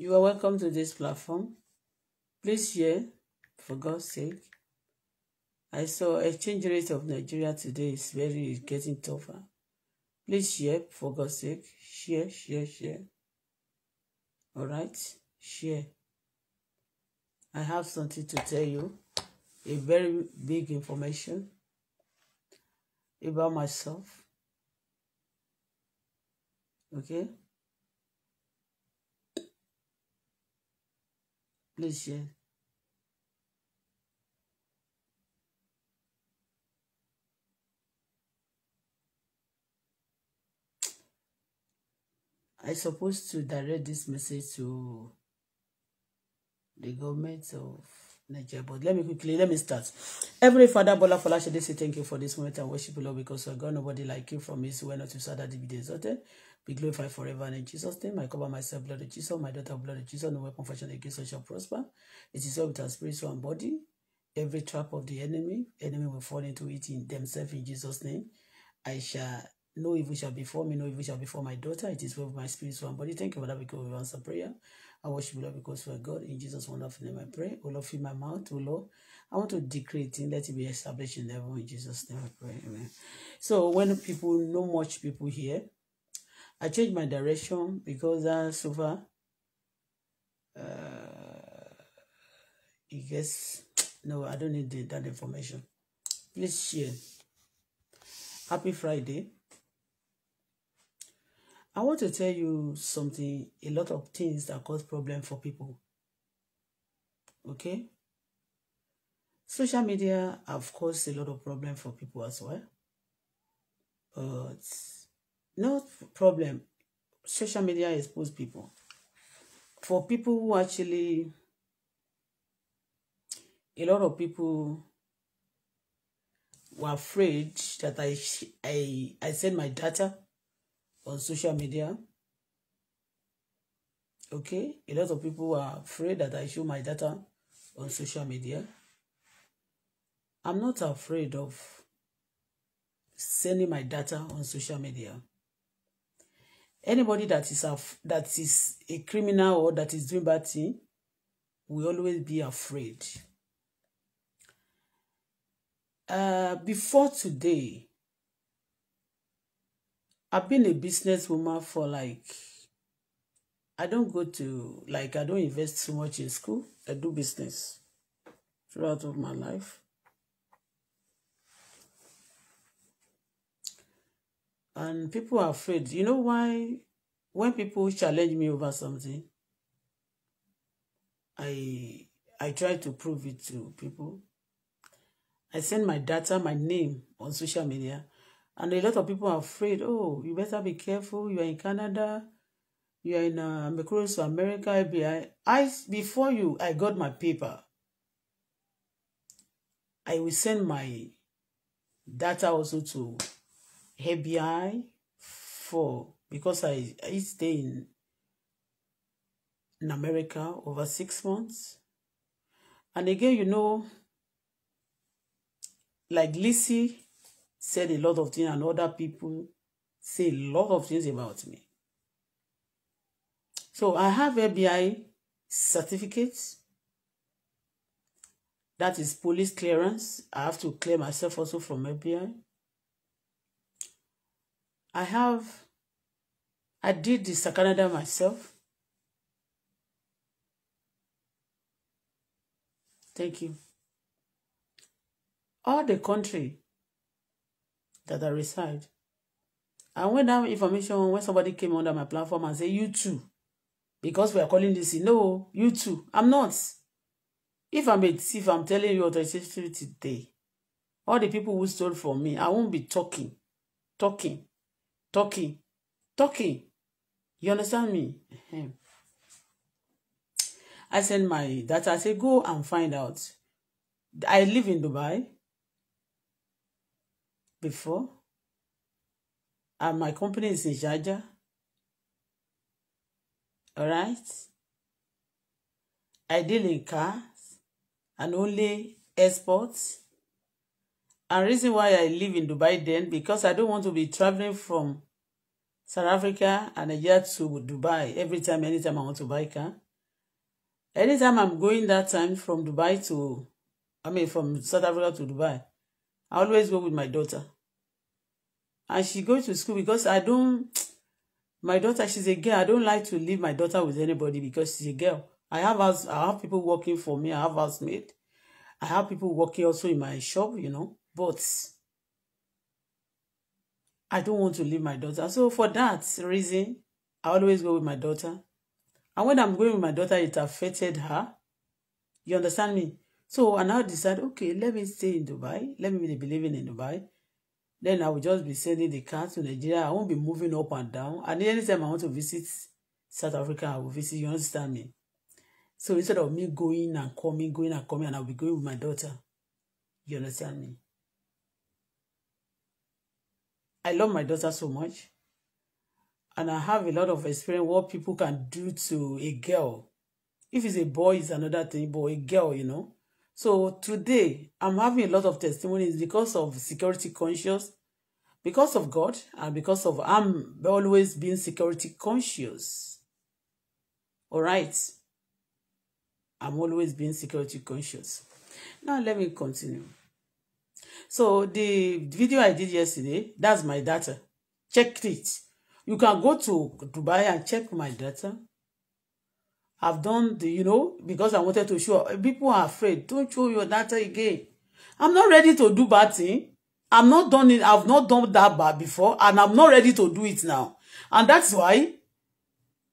You are welcome to this platform. Please share, for God's sake. I saw exchange rate of Nigeria today is very is getting tougher. Please share, for God's sake. Share, share, share. All right, share. I have something to tell you, a very big information about myself. Okay? níṣẹ. I supposed to direct this message to the government of Nigeria, but let me quickly let me start. Every Father Bola Folashade say thank you for this moment and worship you Lord because of oh God nobody like you from his well not to sad that be be glorified forever and in Jesus' name. I cover myself, blood of Jesus, my daughter, blood of Jesus, no weapon fashioned against us shall prosper. It is all with our spirit, soul, and body. Every trap of the enemy, enemy will fall into it in themselves in Jesus' name. I shall no evil shall for me, no evil shall for my daughter. It is well with my spirit, soul, and body. Thank you, Father, because we answer prayer. I worship you, Lord, because we are God. In Jesus' wonderful name, I pray. O Lord, fill my mouth, O Lord. I want to decree it and let it be established in heaven. In Jesus' name, I pray. Amen. So when people, no much people here, I changed my direction because uh, so far, uh, it gets, no, I don't need the, that information. Please share. Happy Friday. I want to tell you something, a lot of things that cause problem for people. Okay? Social media have caused a lot of problem for people as well. But no problem. Social media expose people. For people who actually, a lot of people were afraid that I I I send my data on social media. Okay, a lot of people were afraid that I show my data on social media. I'm not afraid of sending my data on social media anybody that is a, that is a criminal or that is doing bad thing will always be afraid. Uh, before today, I've been a businesswoman for like, I don't go to, like, I don't invest too much in school. I do business throughout of my life. and people are afraid you know why when people challenge me over something i i try to prove it to people i send my data my name on social media and a lot of people are afraid oh you better be careful you are in canada you are in uh, across america fbi i before you i got my paper i will send my data also to ABI for because I, I stay in, in America over six months. And again, you know, like Lissy said a lot of things and other people say a lot of things about me. So I have ABI certificates. That is police clearance. I have to clear myself also from ABI. I have, I did the Sakanada myself. Thank you. All the country that I reside, and when that information, when somebody came under my platform and said, you too, because we are calling this, no, you too, I'm not. If I'm a thief, I'm telling you authenticity today. All the people who stole from me, I won't be talking, talking talking talking you understand me i send my data i say go and find out i live in dubai before and my company is in Sharjah all right i deal in cars and only exports And reason why I live in Dubai then, because I don't want to be traveling from South Africa and Nigeria to Dubai every time, anytime I want to buy car. Anytime I'm going that time from Dubai to, I mean, from South Africa to Dubai, I always go with my daughter. And she goes to school because I don't, my daughter, she's a girl. I don't like to leave my daughter with anybody because she's a girl. I have house, I have people working for me. I have housemaid. I have people working also in my shop, you know. But I don't want to leave my daughter. So for that reason, I always go with my daughter. And when I'm going with my daughter, it affected her. You understand me? So I now decide, okay, let me stay in Dubai. Let me be living in Dubai. Then I will just be sending the car to Nigeria. I won't be moving up and down. And anytime I want to visit South Africa, I will visit. You understand me? So instead of me going and coming, going and coming, and I'll be going with my daughter. You understand me? I love my daughter so much. And I have a lot of experience what people can do to a girl. If it's a boy, it's another thing, but a girl, you know. So today, I'm having a lot of testimonies because of security conscious, because of God, and because of I'm always being security conscious. All right. I'm always being security conscious. Now, let me continue. So the video I did yesterday, that's my data. Check it. You can go to Dubai and check my data. I've done the, you know, because I wanted to show. People are afraid. Don't show your data again. I'm not ready to do bad thing. I'm not done it. I've not done that bad before, and I'm not ready to do it now. And that's why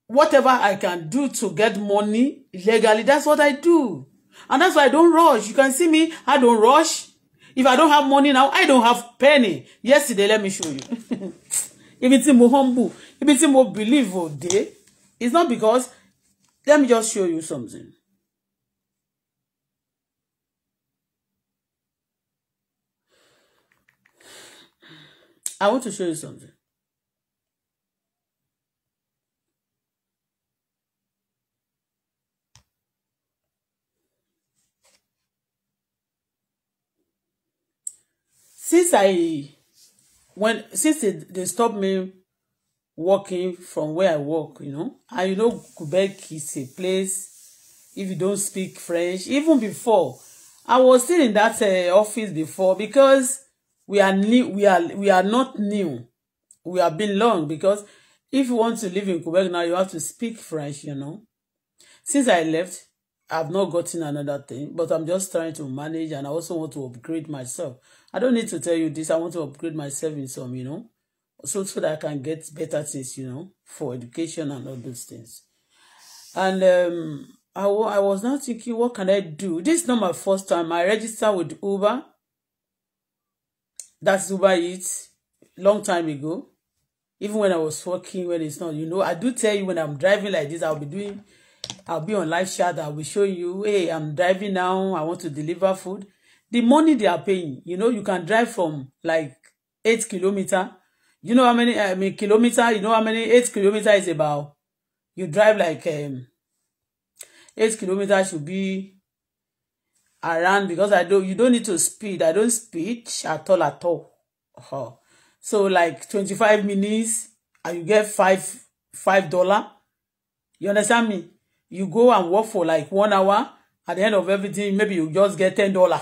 whatever I can do to get money legally, that's what I do. And that's why I don't rush. You can see me, I don't rush if I don't have money now I don't have penny yesterday let me show you If it's more humble if it's more believe o it's not because let me just show you something I want to show you something since I when since they, they stopped me working from where I work, you know, and you know Quebec is a place if you don't speak French. Even before, I was still in that uh, office before because we are new. We are we are not new. We have been long because if you want to live in Quebec now, you have to speak French. You know, since I left, I've not gotten another thing, but I'm just trying to manage, and I also want to upgrade myself. I don't need to tell you this. I want to upgrade myself in some, you know, so so that I can get better things, you know, for education and all those things. And um, I, w- I was now thinking, what can I do? This is not my first time. I registered with Uber. That's Uber Eats, long time ago. Even when I was working, when it's not, you know, I do tell you when I'm driving like this, I'll be doing, I'll be on live chat. I will show you, hey, I'm driving now. I want to deliver food the money they are paying, you know, you can drive from like eight kilometer. You know how many, I mean, kilometer, you know how many, eight kilometer is about, you drive like, um, eight kilometer should be around because I don't, you don't need to speed. I don't speed at all at all. Oh. So like 25 minutes and you get five, five dollar. You understand me? You go and work for like one hour. At the end of everything, maybe you just get ten dollar.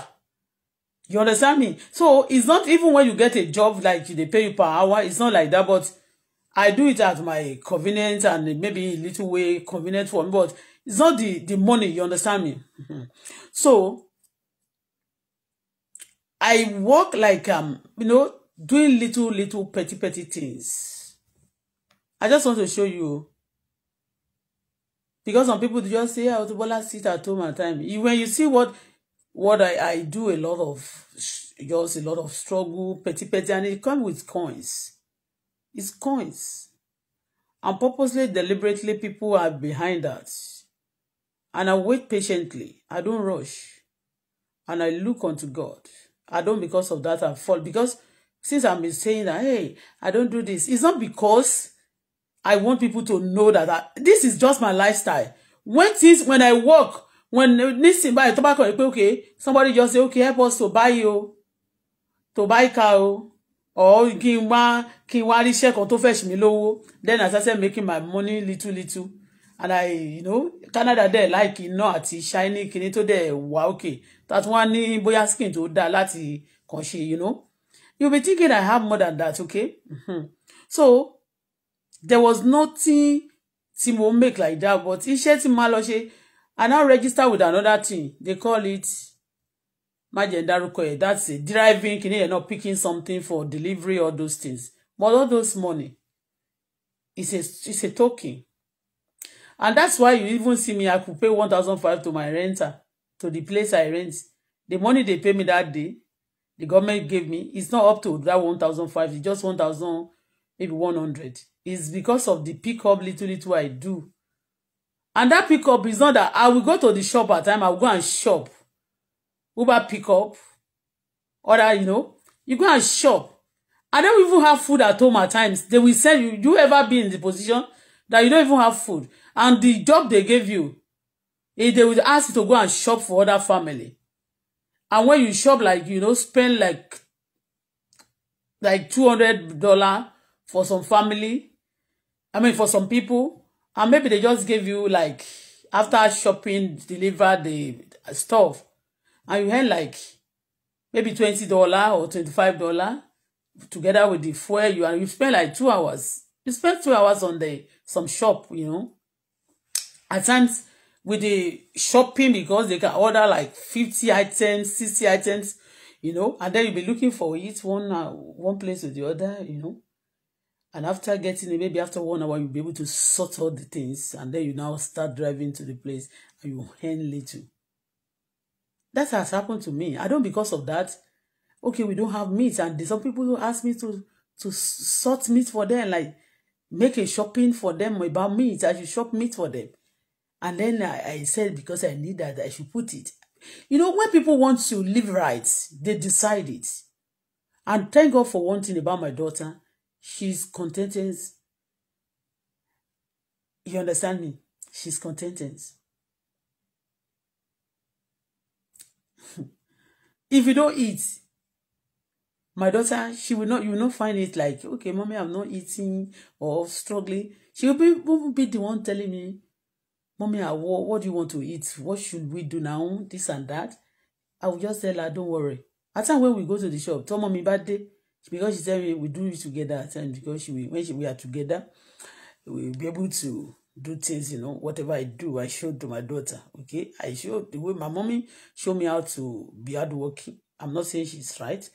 You understand me? So it's not even when you get a job like they pay you per hour, it's not like that, but I do it at my convenience and maybe a little way convenient for me, but it's not the, the money, you understand me? Mm-hmm. So I work like um, you know, doing little, little petty petty things. I just want to show you. Because some people just say, I oh, ah, Bola sit at home at time. When you see what what I, I do a lot of just a lot of struggle, petty petty, and it comes with coins. It's coins. And purposely, deliberately, people are behind that. And I wait patiently. I don't rush. And I look unto God. I don't because of that I fall. Because since I've been saying that, hey, I don't do this. It's not because I want people to know that I, this is just my lifestyle. When things, when I work when nísìn báyìí tó bá kọ̀ pé okay somebody just say okay help us to buy you, to buy car o or kí n wá kí n wá rí iṣẹ́ kan tó fẹ́ ṣì mí lówó then I started making my money little little and I you know Canada there like iná àti shiny kinní tó dẹ̀ wá okay that one ní bóyá skin to dáa láti kàn ṣe you know you be thinking I have more than that okay mm-hmm. so there was nothing tí mo make like that but iṣẹ́ tí mo máa lọ I now register with another thing. They call it Majendaruko. That's it. Driving, you know, picking something for delivery, all those things. But all those money it's a it's a token. And that's why you even see me, I could pay 1,005 to my renter, to the place I rent. The money they pay me that day, the government gave me, it's not up to that 1,005, it's just 1,000, maybe 100. It's because of the pickup little little I do And that pickup is not that I will go to the shop at time, I will go and shop. Uber pickup. Or that, you know, you go and shop. I don't even have food at home at times. They will send you, you ever be in the position that you don't even have food. And the job they gave you, eh, they will ask you to go and shop for other family. And when you shop, like, you know, spend like, like $200 for some family. I mean, for some people and maybe they just gave you like after shopping deliver the stuff and you earn like maybe twenty dollar or twenty-five dollar together with the fuel you and you spend like two hours you spend two hours on the some shop you know at times with the shopping because they can order like fifty items sixty items you know and then you be looking for it one uh, one place or the other you know And after getting it, maybe after one hour, you'll be able to sort all the things. And then you now start driving to the place and you earn little. That has happened to me. I don't, because of that, okay, we don't have meat. And some people who ask me to, to sort meat for them, like make a shopping for them about meat. I should shop meat for them. And then I, I said, because I need that, I should put it. You know, when people want to live right, they decide it. And thank God for one thing about my daughter. She's contented. You understand me? She's contented. if you don't eat, my daughter, she will not, you will not find it like, okay, mommy, I'm not eating or struggling. She will be, will be the one telling me, mommy, what, what do you want to eat? What should we do now? This and that. I will just tell her, don't worry. At time when we go to the shop, tell mommy bad day. It's because she said we, we do it together at because she when she, we are together, we'll be able to do things, you know, whatever I do, I show to my daughter. Okay. I show the way my mommy showed me how to be hardworking. I'm not saying she's right,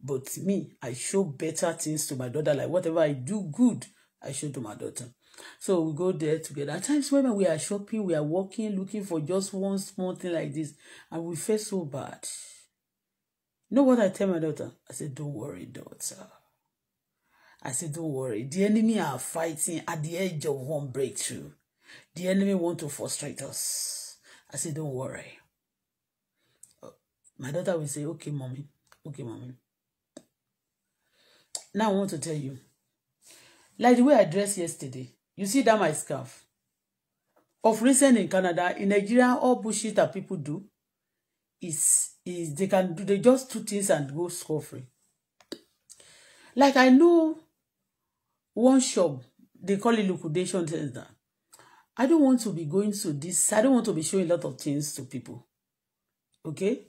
but me, I show better things to my daughter. Like whatever I do good, I show to my daughter. So we go there together. At times when we are shopping, we are walking, looking for just one small thing like this, and we feel so bad know what I tell my daughter? I said, Don't worry, daughter. I said, Don't worry. The enemy are fighting at the edge of one breakthrough. The enemy want to frustrate us. I said, Don't worry. Uh, my daughter will say, Okay, mommy. Okay, mommy. Now I want to tell you. Like the way I dressed yesterday, you see that my scarf. Of recent in Canada, in Nigeria, all bullshit that people do, is is they can do they just two things and go score free. Like I know one shop they call it liquidation center. I don't want to be going to this. I don't want to be showing a lot of things to people. Okay.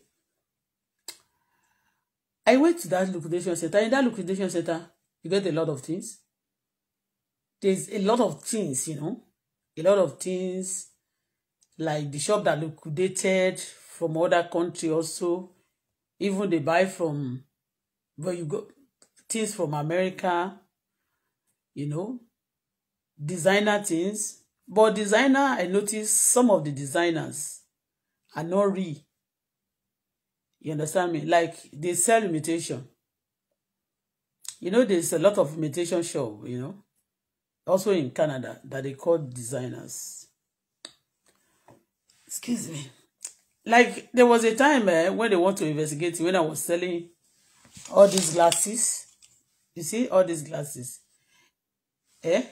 I went to that liquidation center. In that liquidation center, you get a lot of things. There's a lot of things, you know, a lot of things like the shop that liquidated from other country also. Even they buy from where you go things from America, you know, designer things. But designer, I noticed some of the designers are not real. You understand me? Like they sell imitation. You know, there's a lot of imitation show. you know, also in Canada that they call designers. Excuse me like there was a time eh, when they want to investigate when I was selling all these glasses. You see all these glasses. Eh?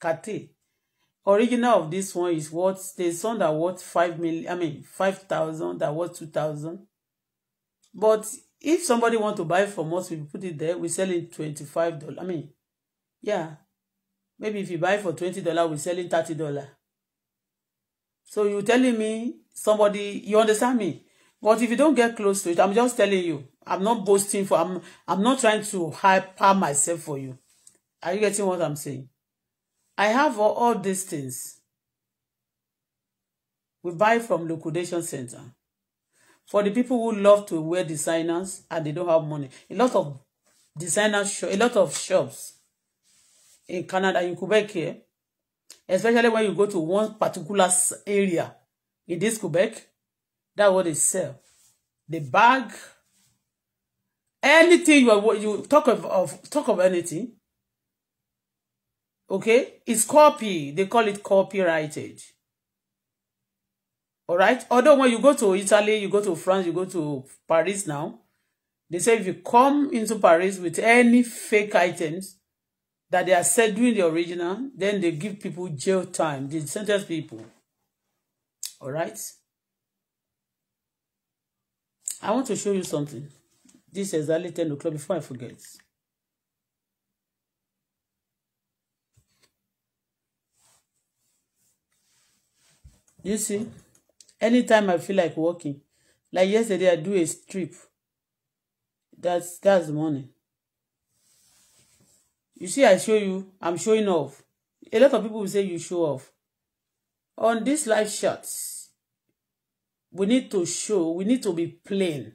Kate. Original of this one is worth the some that worth five million. I mean five thousand that worth two thousand. But if somebody want to buy from us, we put it there. We sell it twenty five dollars. I mean, yeah, maybe if you buy for twenty dollar, we sell it thirty dollar. So you telling me somebody you understand me but if you don't get close to it i'm just telling you i'm not boasting for i'm i'm not trying to hyper myself for you are you getting what i'm saying i have all, all these things we buy from liquidation center for the people who love to wear designers and they don't have money a lot of designers show. a lot of shops in canada in quebec here especially when you go to one particular area in this Quebec. That's what they sell. The bag, anything you are, you talk of, of talk of anything. Okay, it's copy. They call it copyrighted. All right. Although when you go to Italy, you go to France, you go to Paris now. They say if you come into Paris with any fake items that they are said doing the original, then they give people jail time. They sentence people all right i want to show you something this is exactly 10 o'clock before i forget you see anytime i feel like walking like yesterday i do a strip that's that's the morning you see i show you i'm showing off a lot of people will say you show off on this live shot we need to show we need to be plain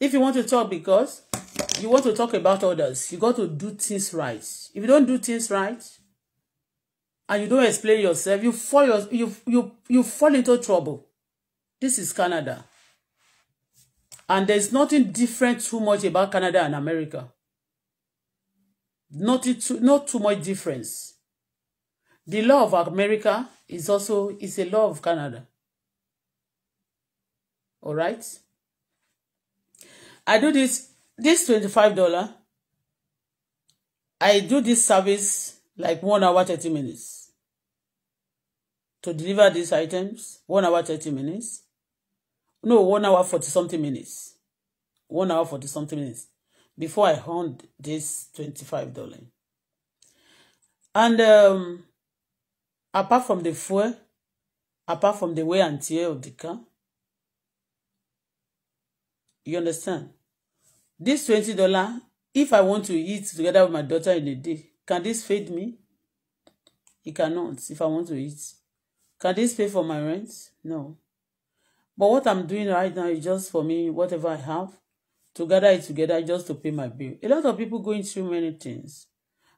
if you want to talk because you want to talk about others you got to do things right if you don't do things right and you don't explain yourself you fall your, you you you fall into trouble this is Canada and there's nothing different too much about Canada and America not too not too much difference the law of America Is also is a law of Canada. All right. I do this this twenty-five dollar. I do this service like one hour thirty minutes to deliver these items. One hour thirty minutes. No, one hour forty something minutes. One hour forty something minutes before I earned this twenty-five dollar. And um, apart from the fuel, apart from the way and tear of the car. You understand? This $20, if I want to eat together with my daughter in a day, can this feed me? It cannot if I want to eat. Can this pay for my rent? No. But what I'm doing right now is just for me, whatever I have, to gather it together just to pay my bill. A lot of people going through many things.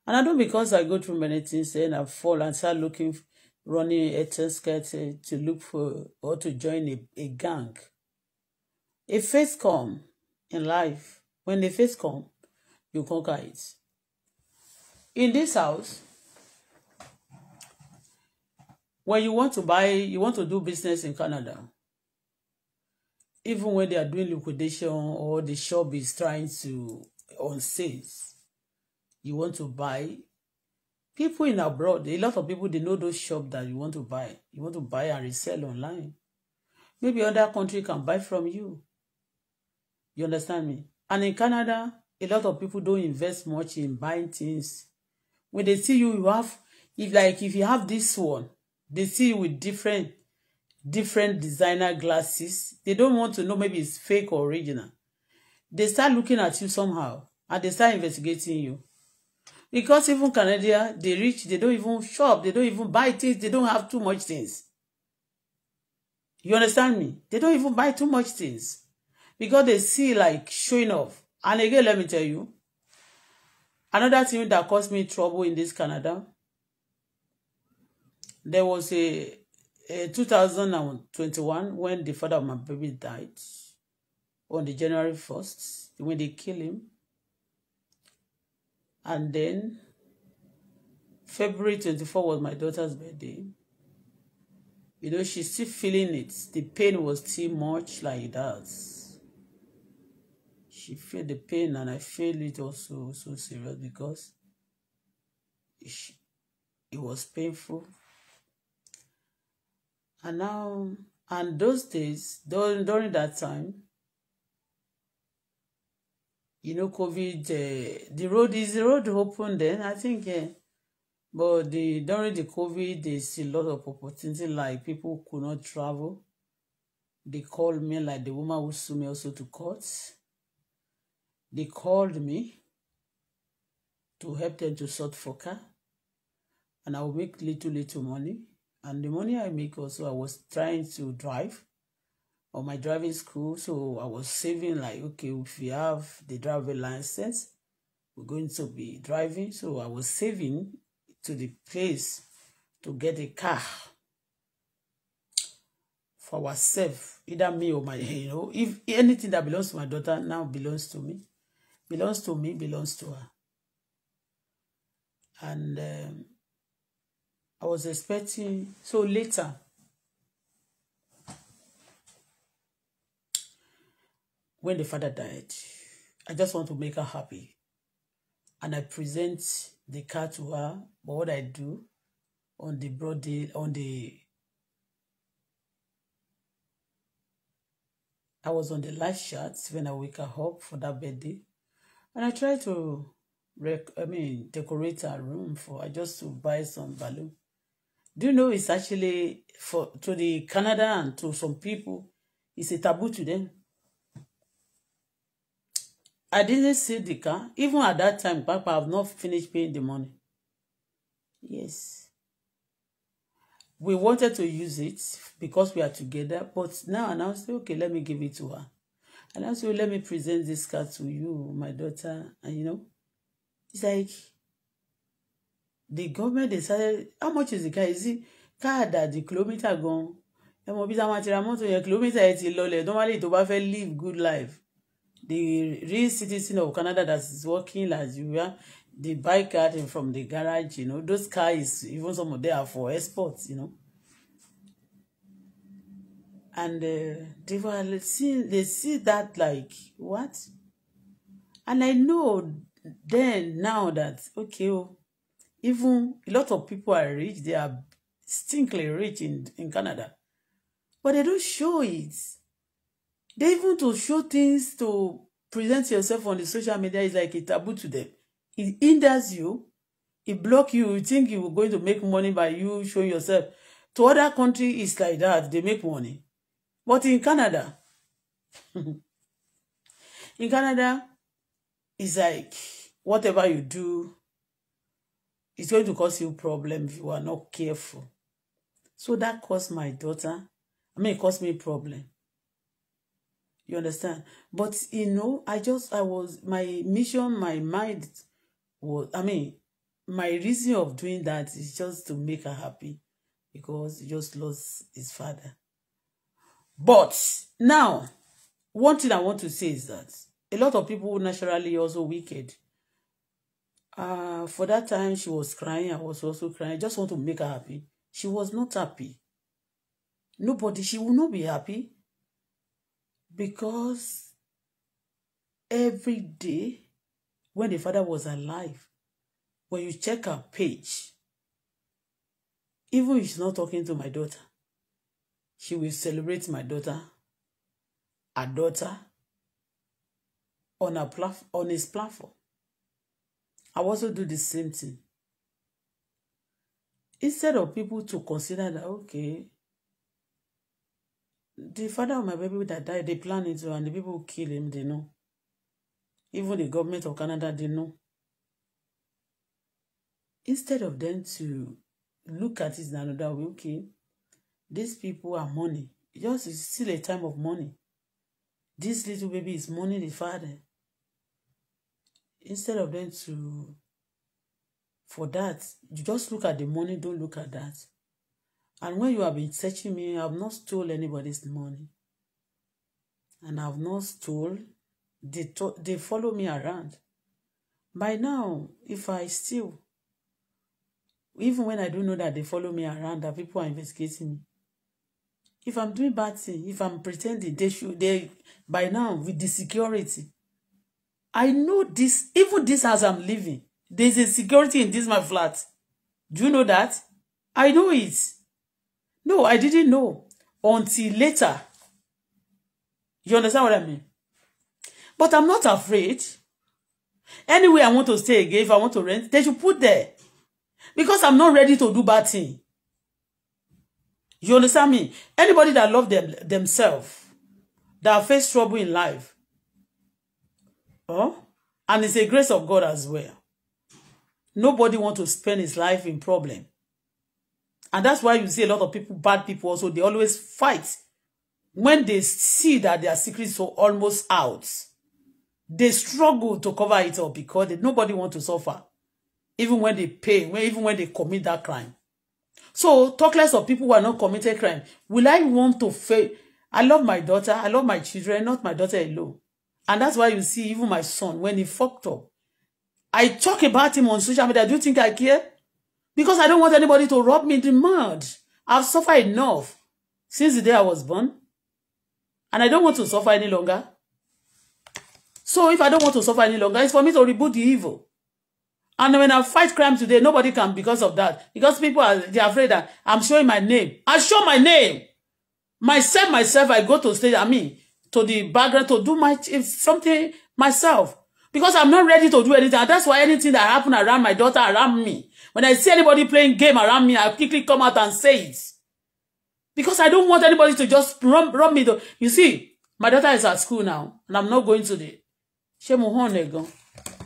And I know because I go through many things and I fall and start looking, running a test to, to look for or to join a, a gang. A phase come in life. When the phase come, you conquer it. In this house, when you want to buy, you want to do business in Canada, even when they are doing liquidation or the shop is trying to on sales, you want to buy. People in abroad, a lot of people, they know those shops that you want to buy. You want to buy and resell online. Maybe other country can buy from you. You understand me? And in Canada, a lot of people don't invest much in buying things. When they see you, you have, if like if you have this one, they see you with different, different designer glasses. They don't want to know maybe it's fake or original. They start looking at you somehow and they start investigating you. Because even Canada, they rich, they don't even shop, they don't even buy things, they don't have too much things. You understand me? They don't even buy too much things because they see like showing off. And again, let me tell you, another thing that caused me trouble in this Canada, there was a, a 2021 when the father of my baby died on the January 1st, when they killed him and then February 24 was my daughter's birthday. You know, she's still feeling it. The pain was still much like that. She felt the pain and I felt it also so serious because it was painful. And now, and those days, during, during that time, you know, COVID, uh, the road is the road open then, I think, yeah. But the, during the COVID, there's a lot of opportunity, like people could not travel. They called me, like the woman who sued me also to court. They called me to help them to sort for car. And I will make little, little money. And the money I make also, I was trying to drive of my driving school. So I was saving like, okay, if we have the driving license, we're going to be driving. So I was saving to the place to get a car for ourselves, either me or my, you know, if anything that belongs to my daughter now belongs to me, belongs to me, belongs to her. And um, I was expecting, so later, when the father died, I just want to make her happy. And I present the car to her. But what I do on the broad day, on the I was on the last shots when I wake her up for that birthday. And I tried to rec I mean decorate her room for I just to buy some balloon. Do you know it's actually for to the Canada and to some people, it's a taboo to them I didn't see the car. Even at that time, Papa, I've not finished paying the money. Yes. We wanted to use it because we are together, but now and I say, okay, let me give it to her. And I say, let me present this car to you, my daughter. And you know, it's like the government decided, how much is the car? Is it car that the kilometer gone? ẹ mọ bí táwọn àti ra mọ́tò yẹn kìlómítà ẹ ti lọlẹ̀ normally tó bá fẹ́ live good life the real citizen of Canada that is working like you are, they buy car from the garage, you know. Those cars, even some of them are for exports. you know. And uh, they were seeing, they see that like, what? And I know then now that, okay, oh, even a lot of people are rich, they are stinkly rich in, in Canada. But they don't show it. They even to show things to present yourself on the social media is like a taboo to them. It hinders you. It block you. You think you were going to make money by you showing yourself. To other country, it's like that. They make money. But in Canada, in Canada, it's like whatever you do, it's going to cause you problem if you are not careful. So that caused my daughter, I mean, it caused me problem. You understand? But you know, I just I was my mission, my mind was I mean, my reason of doing that is just to make her happy because he just lost his father. But now, one thing I want to say is that a lot of people naturally also wicked. Uh, for that time, she was crying. I was also crying. I Just want to make her happy. She was not happy. Nobody, she will not be happy. Because every day when the father was alive, when you check her page, even if she's not talking to my daughter, she will celebrate my daughter, her daughter, on, her plaf- on his platform. I also do the same thing. Instead of people to consider that, okay, the father of my baby that died, they plan it and the people who kill him, they know. Even the government of Canada, they know. Instead of them to look at it in another way, okay, these people are money. Yours is still a time of money. This little baby is money the father. Instead of them to, for that, you just look at the money, don't look at that. And when you have been searching me, I have not stole anybody's money. And I have not stole. They, they follow me around. By now, if I steal, even when I do know that they follow me around, that people are investigating me. If I'm doing bad thing, if I'm pretending, they should, they, by now, with the security, I know this, even this as I'm living, there's a security in this my flat. Do you know that? I know it. No, I didn't know until later. You understand what I mean? But I'm not afraid. Anyway, I want to stay again. If I want to rent, they should put there. Because I'm not ready to do bad thing. You understand me? Anybody that love them, themselves, that face trouble in life, oh, and it's a grace of God as well. Nobody want to spend his life in problem. And that's why you see a lot of people, bad people also, they always fight. When they see that their secrets are almost out, they struggle to cover it up because they, nobody wants to suffer. Even when they pay, when, even when they commit that crime. So talk less of people who are not committed crime. Will I want to fail? I love my daughter. I love my children, not my daughter alone. And that's why you see even my son, when he fucked up, I talk about him on social media. Do you think I care? Because I don't want anybody to rub me in the mud. I've suffered enough since the day I was born. And I don't want to suffer any longer. So if I don't want to suffer any longer, it's for me to reboot the evil. And when I fight crime today, nobody can because of that. Because people are they're afraid that I'm showing my name. I show my name. Myself, myself, I go to stage, I mean, to the background to do my something myself. Because I'm not ready to do anything. that's why anything that happened around my daughter, around me, When I see anybody playing game around me, I quickly come out and say it. Because I don't want anybody to just run, run me. Though. You see, my daughter is at school now, and I'm not going to the... She mo hàn ẹ̀gan?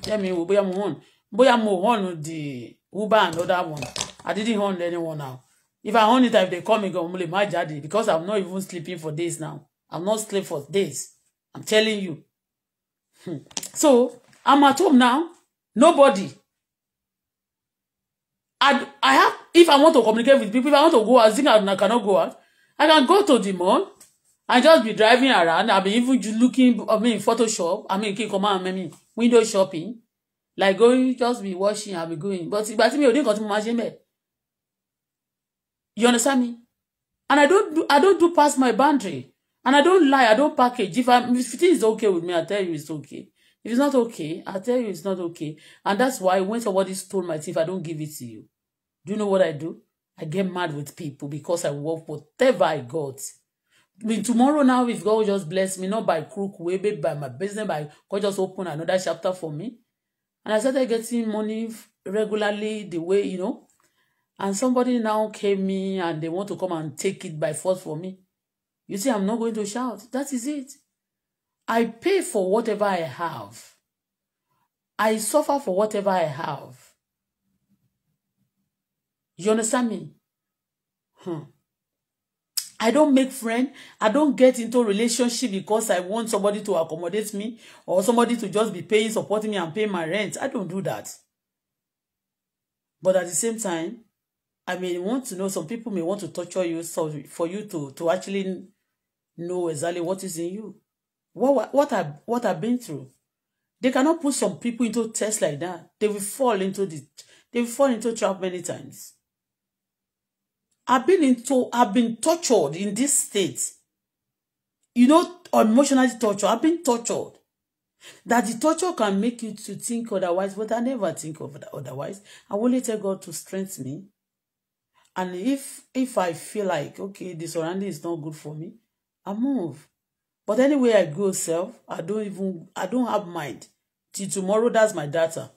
Let me, bóyá mo hàn. Bóyá mo hàn the Uber and other one. I didn't hàn anyone now. If I hàn it, if they come, me, gan, My daddy, because I'm not even sleeping for days now. I'm not sleep for days. I'm telling you. Hmm. So, I'm at home now. Nobody. I, I have, if I want to communicate with people, if I want to go out, think I cannot go out, I can go to the mall and just be driving around. I'll be even looking, I mean, Photoshop, I mean, kí n máa, I mean, window shopping. Like going, just be washing, I'll be going. But ìgbà I mi ò ní nǹkan tí mo máa You understand me? And I don't do, I don't do past my boundary. And I don't lie, I don't package. If I, if it is okay with me, I tell you it's okay. If it's not okay, I tell you it's not okay. And that's why when somebody stole my teeth, I don't give it to you. Do you know what I do? I get mad with people because I work whatever I got. I mean, tomorrow now, if God just bless me, not by crook way, but by my business, by God just open another chapter for me. And I started getting money regularly the way, you know. And somebody now came me and they want to come and take it by force for me. You see, I'm not going to shout. That is it. I pay for whatever I have. I suffer for whatever I have. You understand me? Hmm. I don't make friends. I don't get into relationship because I want somebody to accommodate me or somebody to just be paying, supporting me and paying my rent. I don't do that. But at the same time, I may want to know, some people may want to torture you so for you to, to actually know exactly what is in you. What, what, I, what I've been through. They cannot put some people into tests like that. They will fall into the, they will fall into trap many times. I've been into, I've been tortured in this state. You know, emotionally tortured. I've been tortured. That the torture can make you to think otherwise, but I never think of that otherwise. I only tell God to strengthen me. And if if I feel like okay, the surrounding is not good for me, I move. But anyway, I go self. I don't even I don't have mind. Till tomorrow, that's my data.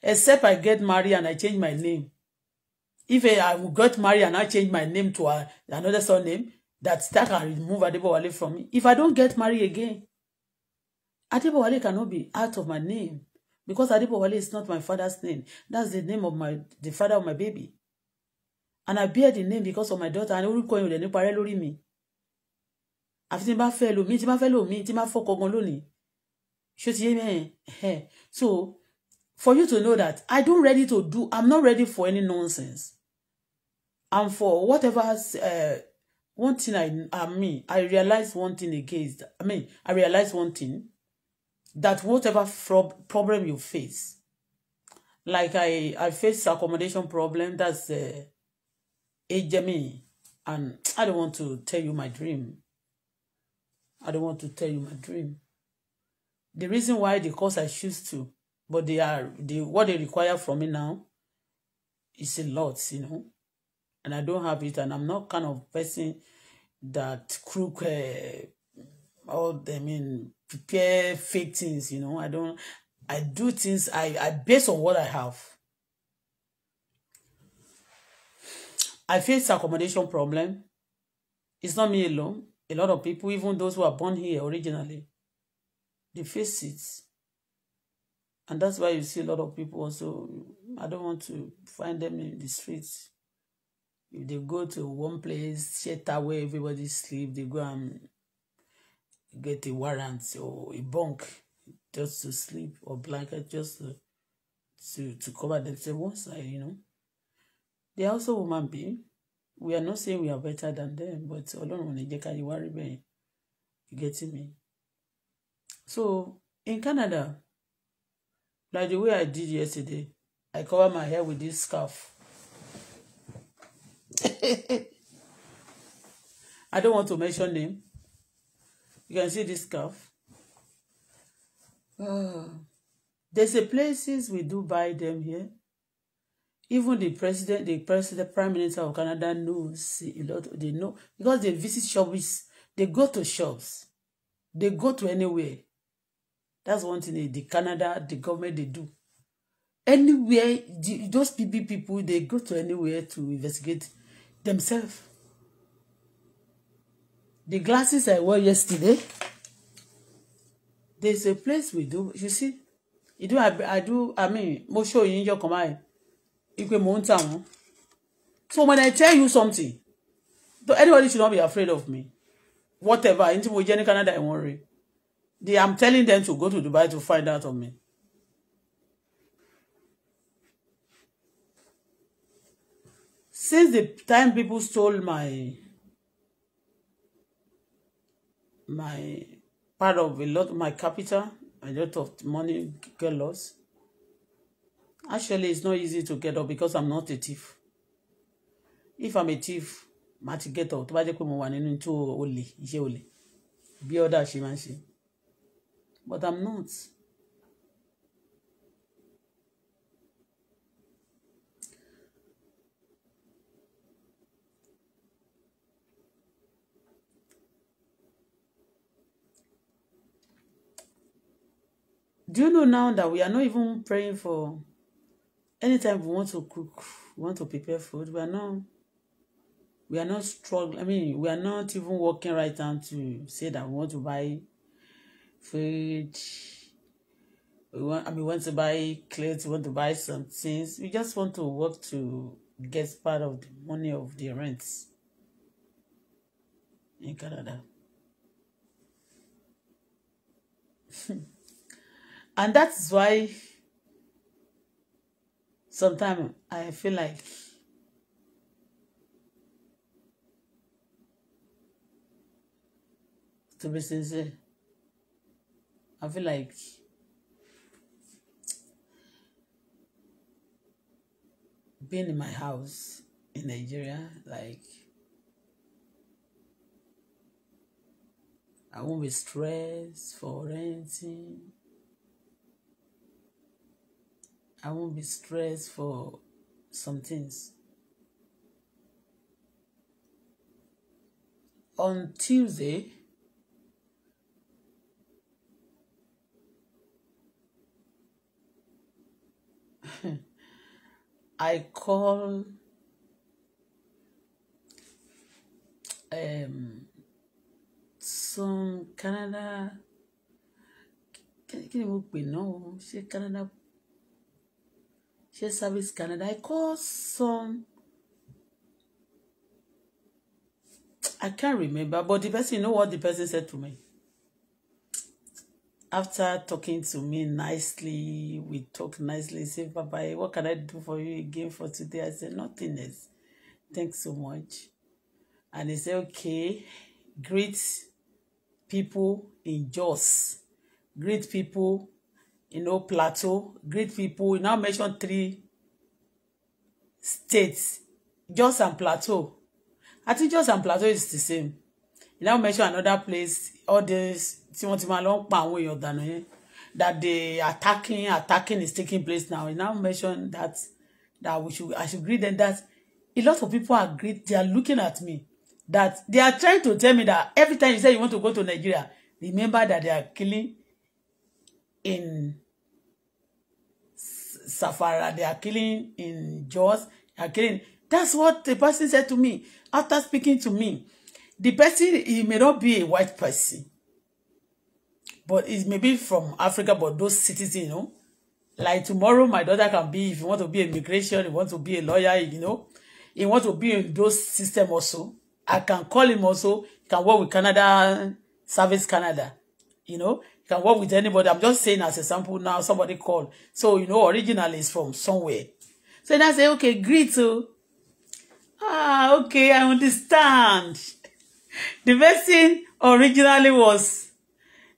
Except I get married and I change my name. If I, I got married and I change my name to a, another surname, that that can remove Adebowale from me. If I don't get married again, Adebowale cannot be out of my name because Adebowale is not my father's name. That's the name of my the father of my baby. And I bear the name because of my daughter. And orúkọ yìí ò lè ní parẹ́ lórí mi àfi tí n bá fẹ́ lòmíì tí n bá fẹ́ lòmíì tí n bá fọ́kọ gan lónìí ṣó ti yé mẹ́rin so for you to know that I don't ready to do I'm not ready for any nonsense and for whatever uh, one thing I, I mean I realize one thing against I mean I realize one thing that whatever problem you face like I I face accommodation problem that's uh, eh, age me and I don't want to tell you my dream I don't want to tell you my dream. The reason why the course I choose to, but they are the what they require from me now is a lot, you know. And I don't have it, and I'm not kind of person that crook uh, all I mean prepare fake things, you know. I don't I do things I, I based on what I have. I face accommodation problem. It's not me alone a lot of people, even those who are born here originally, they face it. And that's why you see a lot of people also, I don't want to find them in the streets. If they go to one place, shelter where everybody sleep, they go and get a warrant or a bunk just to sleep or blanket just to, to, to cover themselves one side, you know. They are also human beings we are not saying we are better than them but alone when ní jẹ́ you worry me. you get me so in Canada like the way I did yesterday I cover my hair with this scarf I don't want to mention name you can see this scarf. Uh, there's a places we do buy them here even the president the president prime minister of Canada knows a lot they know because they visit shops they go to shops they go to anywhere that's one thing the Canada the government they do anywhere the, those PB people they go to anywhere to investigate themselves the glasses I wore yesterday there's a place we do you see you do I, I do I mean most show you your command wípé mò ń tà wọ́n so when I tell you something anybody should not be afraid of me whatever ẹni tí mo jẹ́ ní Canada ẹ̀ wọ́n rí they am telling them to go to Dubai to find out on me. since the time people stole my my part of a lot of my capital a lot of money get lost actually it's not easy to get up because i'm not a thief if i'm a thief màá get up But bá jẹ́ pé mo wà nínú tó olè iṣẹ́ olè bí ọ̀dà ṣe but i'm not do you know now that we are not even praying for anytime we want to cook we want to prepare food we are not we are not struggling i mean we are not even working right now to say that we want to buy food we want i mean we want to buy clothes we want to buy some things we just want to work to get part of the money of the rents. in Canada and that is why sometimes I feel like to be sincere, I feel like being in my house in Nigeria, like I won't be stressed for anything. I won't be stressed for some things. On Tuesday, I call um, some Canada Can you mo me náà ṣé Canada Share Service Canada. I called some. I can't remember, but the person, you know what the person said to me? After talking to me nicely, we talk nicely, say, Baba, what can I do for you again for today? I said, nothing else. Thanks so much. And he said, okay, greet people in Jos. Greet people you know, plateau, Great people. You now mention three states, Jos and Plateau. I think Jos and Plateau is the same. You now mention another place, all this, Timothy Malone, Panwe, that the attacking, attacking is taking place now. You now mention that, that we should, I should greet them that a lot of people are great. They are looking at me that they are trying to tell me that every time you say you want to go to Nigeria, remember that they are killing in Safara, they are killing in jaws. they are killing. That's what the person said to me after speaking to me. The person, he may not be a white person, but it may be from Africa, but those cities, you know. Like tomorrow, my daughter can be, if you want to be a migration, you want to be a lawyer, you know, you want to be in those system also. I can call him also. He can work with Canada, Service Canada, you know can work with anybody. I'm just saying as a sample now, somebody called. So, you know, original is from somewhere. So then I say, okay, greet you. Ah, okay, I understand. The person originally was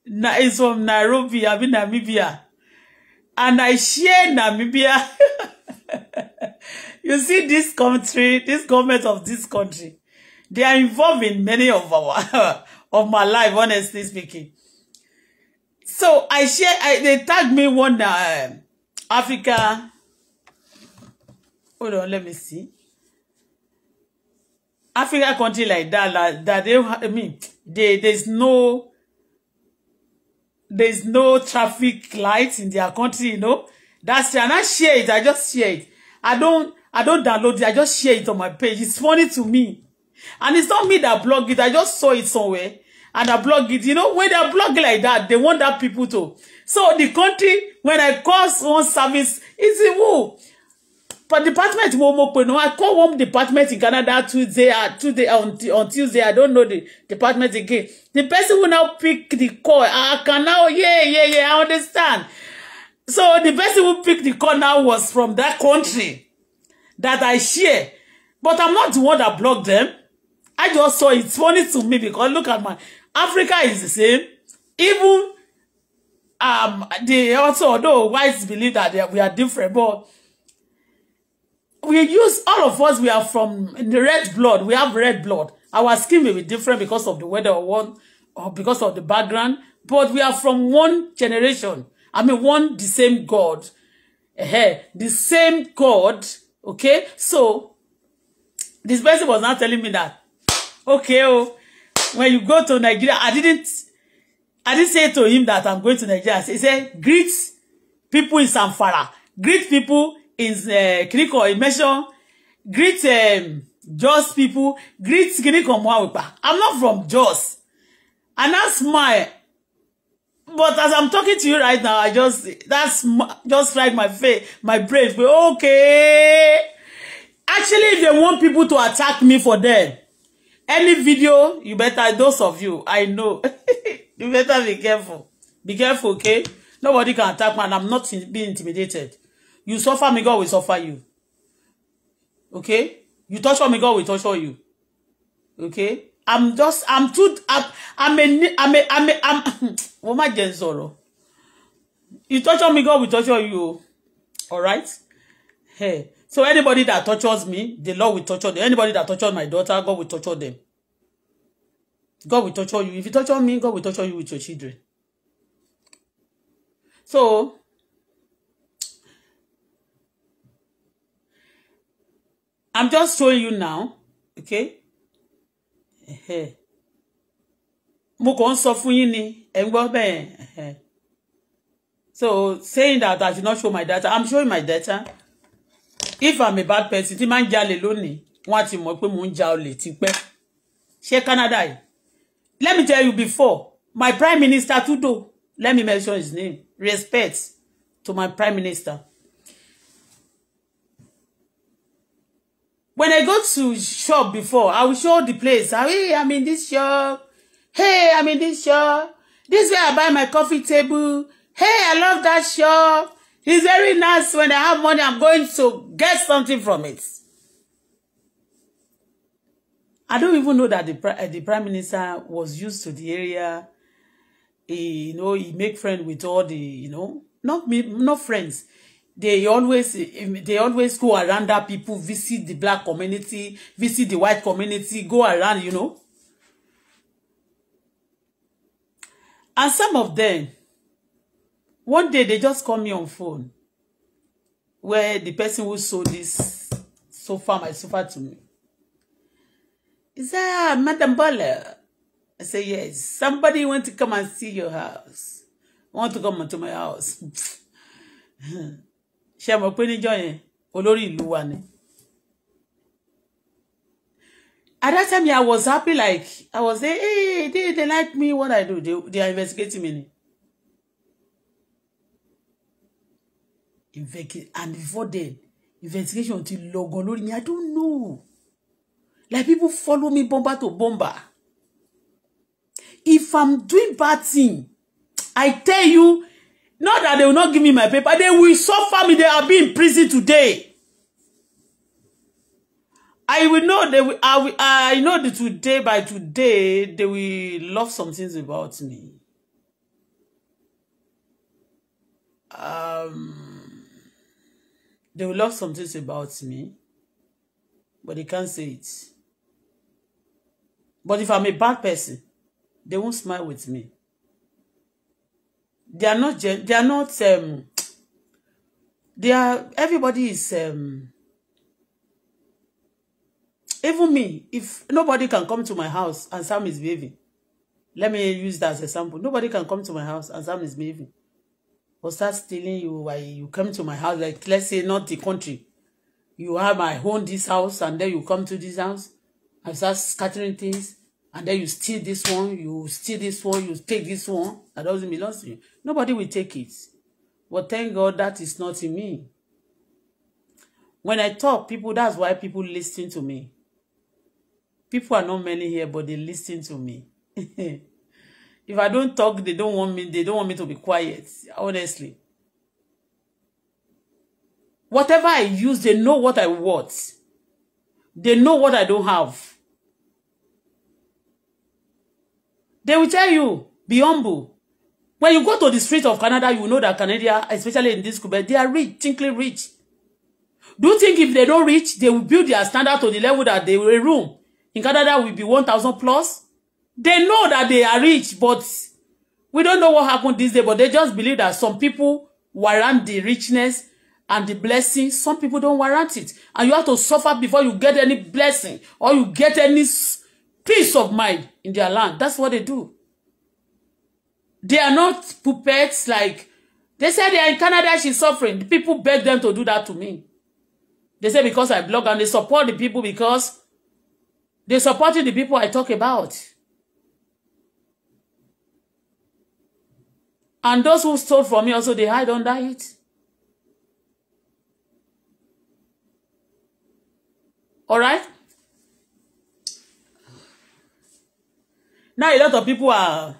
is from Nairobi, I mean Namibia. And I share Namibia. You see this country, this government of this country, they are involved in many of our of my life, honestly speaking. So I share, I, they tagged me one uh, Africa. Hold on, let me see. Africa country like that, like, that they, I mean, they, there's no, there's no traffic lights in their country, you know. That's and I share it. I just share it. I don't, I don't download it. I just share it on my page. It's funny to me, and it's not me that blog it. I just saw it somewhere and I blog it. You know, when they blog like that, they want that people to. So the country, when I call one service, it's a woo. But department won't mo no I call one department in Canada Tuesday uh, Tuesday on, on Tuesday I don't know the department again. The person will now pick the call. I can now yeah yeah yeah I understand. So the person who picked the call now was from that country that I share. But I'm not the one that blocked them. I just saw it. It's funny to me because look at my Africa is the same. Even um, they also, although whites believe that they, we are different, but we use, all of us, we are from the red blood. We have red blood. Our skin may be different because of the weather or one, or because of the background, but we are from one generation. I mean, one, the same God. Uh-huh. The same God. Okay? So, this person was not telling me that. Okay, oh, when you go to Nigeria, I didn't, I didn't say to him that I'm going to Nigeria. He said, greet people in Samfara, greet people in uh, Kiriko Immersion, greet um, Jos people, greet Kiriko Mwawipa. I'm not from Jos. And that's my, but as I'm talking to you right now, I just, that's just like my face, my brain. Okay. Actually, if they want people to attack me for them, Any video, you better, those of you, I know. you better be careful. Be careful, okay? Nobody can attack me and I'm not in, being intimidated. You suffer me, God will suffer you. Okay? You torture me, God will torture you. Okay? I'm just, I'm too, I'm, I'm a, I'm a, I'm I'm, what am I getting sọ̀rọ̀? You torture me, God will torture you. Alright? Hey. So anybody that tortures me, the Lord will torture them. Anybody that tortures my daughter, God will torture them. God will torture you. If you torture me, God will torture you with your children. So, I'm just showing you now, okay? Mo kàn ń sọ fún ni, ẹ̀ ń So, saying that I should not show my data, I'm showing my data if i'm a bad person tí máa ń jalè lónìí wọ́n á ti mọ̀ pé mò ń ja olè tipẹ́ ṣé Canada yìí let me tell you before my prime minister Tudo. let me mention his name respect to my prime minister when i go to shop before i will show the place hey i'm in this shop hey i'm in this shop this way i buy my coffee table hey i love that shop It's very nice when I have money, I'm going to get something from it. I don't even know that the, uh, the prime minister was used to the area. He, you know, he make friends with all the, you know, not me, not friends. They always, eh, they always go around that people, visit the black community, visit the white community, go around, you know. And some of them, One day they just call me on phone where the person who sold this sofa, my sofa to me. He said, ah, Madam Baller? I say yes, somebody want to come and see your house. Want to come to my house. Ṣé mọ̀ pé níjọ́ yẹn, olórí ìlú At that time, I was happy like, I was there, hey, they, they like me, what I do, they, they are investigating me. and before then investigation ti lọ gan lórí mi i don't know like people follow me bomba to bomba. if i'm doing bad thing i tell you not that they will not give me my paper they will suffer me they are being in prison today i will know they will i will i know that today by today they will love some things about me um. They will love some things about me, but they can't say it. But if I'm a bad person, they won't smile with me. They are not, they are not, um, they are, everybody is, um, even me, if nobody can come to my house and Sam is behaving, let me use that as example. Nobody can come to my house and Sam is behaving or start stealing you why you come to my house like let's say not the country you have my own this house and then you come to this house and start scattering things and then you steal this one you steal this one you take this one that doesn't belong to you nobody will take it but thank God that is not in me when I talk people that's why people listen to me people are not many here but they listen to me if I don't talk, they don't want me. They don't want me to be quiet. Honestly, whatever I use, they know what I want. They know what I don't have. They will tell you, be humble. When you go to the streets of Canada, you know that Canada, especially in this Quebec, they are rich, tinkly rich. Do you think if they don't reach, they will build their standard to the level that they will room? In Canada, will be 1,000 plus. They know that they are rich, but we don't know what happened this day, but they just believe that some people warrant the richness and the blessing. Some people don't warrant it. And you have to suffer before you get any blessing or you get any peace of mind in their land. That's what they do. They are not puppets like, they said they are in Canada, she's suffering. The people beg them to do that to me. They say because I blog and they support the people because they supporting the people I talk about. And those who stole from me also, they hide under it. All right? Now a lot of people are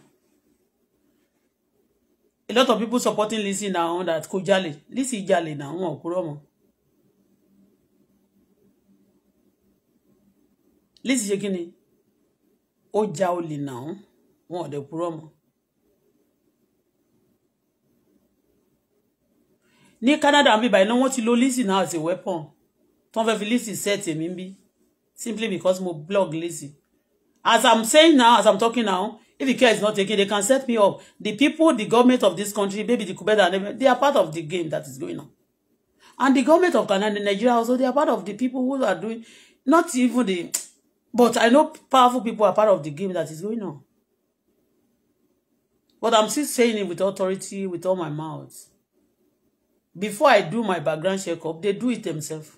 a lot of people supporting Lizzy now that kò jalè. Lizzy jalè now, wọn ò kúrò mọ́. Lizzy ṣe kí ni? Ó ja olè ní Canada ń bí báyìí náà wọ́n ti lo Lizzy now as a weapon tó ń fẹ́ fi Lizzy set èmi ń bí simply because mo blog Lizzy as I'm saying now as I'm talking now if the care is not taken they can set me up the people the government of this country maybe the Kubeda and everything they are part of the game that is going on and the government of Canada Nigeria also they are part of the people who are doing not even the but I know powerful people are part of the game that is going on. But I'm still saying it with authority, with all my mouth before I do my background checkup, they do it themselves.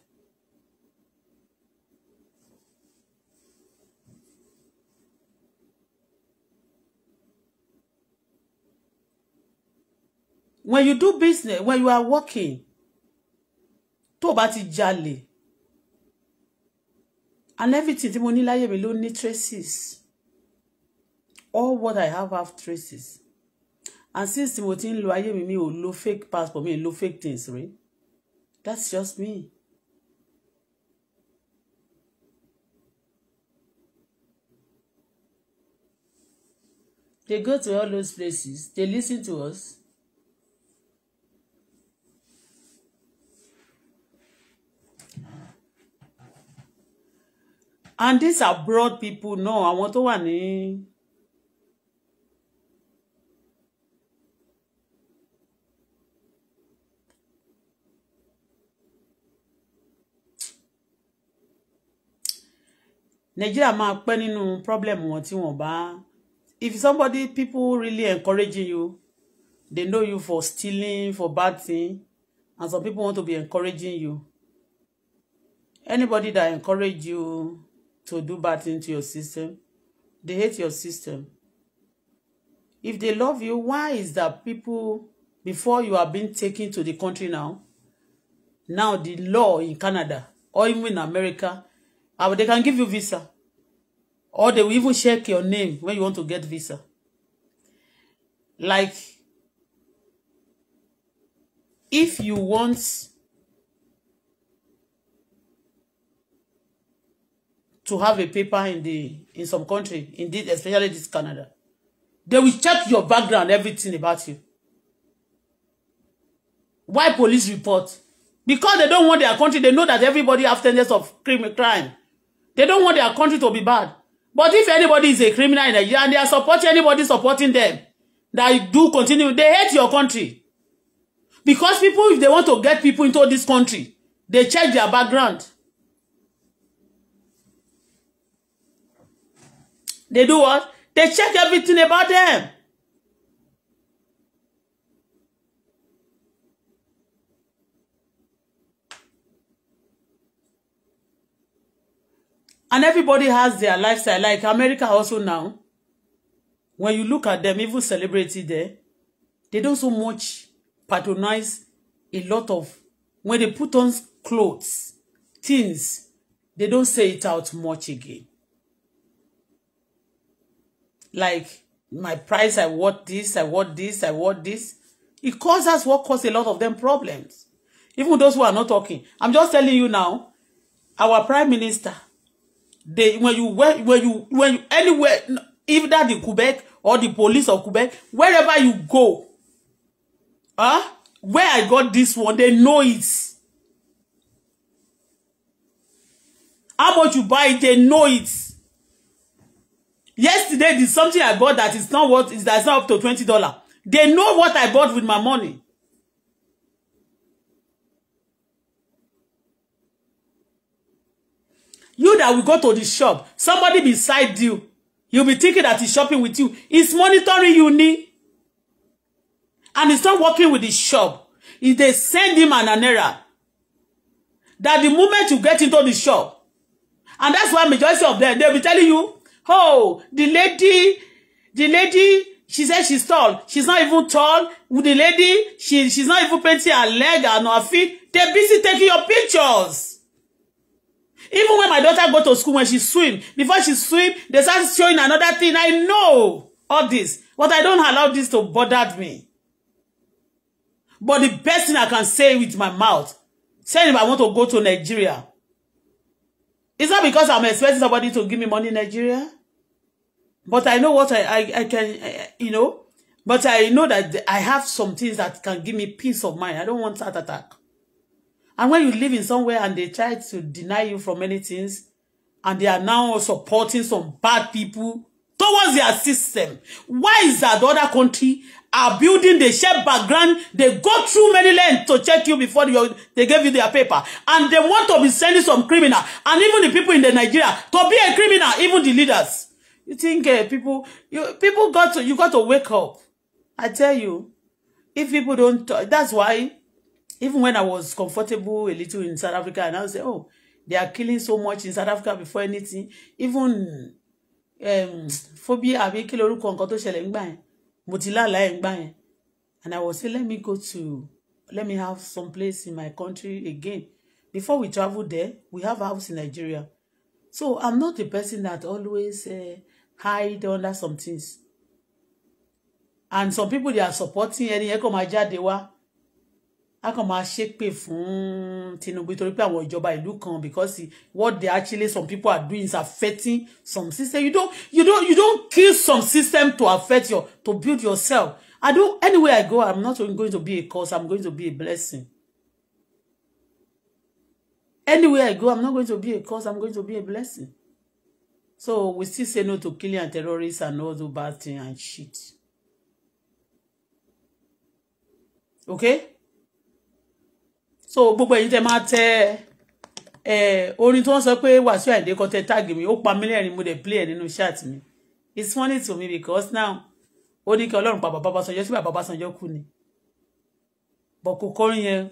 When you do business, when you are working, tó bá ti jalè, and everything the money ní below mi traces. All what I have have traces and since mo ti ń lo ayé mi mi ò lo fake passport mi ò lo fake things rí that's just me. They go to all those places. They listen to us. And these abroad people, no, àwọn tó wà ní Nigeria máa pẹ́ nínú problem wọn tí wọ́n bá if somebody people really encouraging you they know you for stealing for bad thing and some people want to be encouraging you anybody that encourage you to do bad thing to your system they hate your system if they love you why is that people before you are being taken to the country now now the law in Canada or even in America Or ah, they can give you visa. Or they will even check your name when you want to get visa. Like, if you want to have a paper in the in some country, indeed, especially this Canada, they will check your background, everything about you. Why police report? Because they don't want their country. They know that everybody have tendencies of crime, crime. They don't want their country to be bad. But if anybody is a criminal in Nigeria and they are supporting anybody supporting them, that do continue, they hate your country. Because people, if they want to get people into this country, they check their background. They do what? They check everything about them. And everybody has their lifestyle. Like America also now, when you look at them, even celebrity there, they don't so much patronize a lot of, when they put on clothes, things, they don't say it out much again. Like, my price, I want this, I want this, I want this. It causes what causes a lot of them problems. Even those who are not talking. I'm just telling you now, our prime minister, they when you where when you when you, anywhere if that the Quebec or the police of Quebec wherever you go huh where I got this one they know it how much you buy it they know it yesterday the something I bought that is not what is that's not up to twenty dollar they know what I bought with my money You that will go to the shop, somebody beside you, you'll be thinking that he's shopping with you. He's monitoring you, ni. And he's not working with the shop. If they send him an anera, that the moment you get into the shop, and that's why majority of them, they'll be telling you, oh, the lady, the lady, she said she's tall. She's not even tall. With the lady, she, she's not even painting her leg and her feet. They're busy taking your pictures. Even when my daughter go to school, when she swim, before she swim, they start showing another thing. I know all this, but I don't allow this to bother me. But the best thing I can say with my mouth, saying if I want to go to Nigeria, it's not because I'm expecting somebody to give me money in Nigeria, but I know what I, I, I can, I, you know, but I know that I have some things that can give me peace of mind. I don't want that attack. And when you live in somewhere and they try to deny you from many things, and they are now supporting some bad people towards their system. Why is that the other country are building, the share background, they go through many lengths to check you before you, they give you their paper. And they want to be sending some criminal, and even the people in the Nigeria, to be a criminal, even the leaders. You think uh, people, you, people got to, you got to wake up. I tell you, if people don't, that's why Even when I was comfortable a little in South Africa, and I would say, oh, they are killing so much in South Africa before anything. Even um, phobia, àbí kí lorúkọ nǹkan tó ṣẹlẹ̀ nígbà And I would say, let me go to, let me have some place in my country again. Before we travel there, we have a house in Nigeria. So I'm not the person that always uh, hide under some things. And some people, they are supporting any. yẹn kò máa jáde a kàn máa ṣépè fún Tinubu torí pé àwọn ìjọba ìlú kan because what they actually some people are doing is affecting some system you don't you don't you don't kill some system to affect your to build yourself I do anywhere I go I'm not going to be a cause. I'm going to be a blessing anywhere I go I'm not going to be a cause. I'm going to be a blessing so we still say no to killing and terrorists and all those bad things and shit okay so gbogbo ẹ̀yin tẹ́ máa tẹ ẹ orin tó ń sọ pé Wàsíù Àyìndé kan tẹ táàgì mi ó pa mí lẹ́rìn mo dẹ̀ play ẹ̀ nínú chat mi it's funny to me because now ó ní kí Ọlọ́run pa bàbá Básanjọ́ sí bàbá Básanjọ́ kú ni bọ̀ kò kọrin yẹn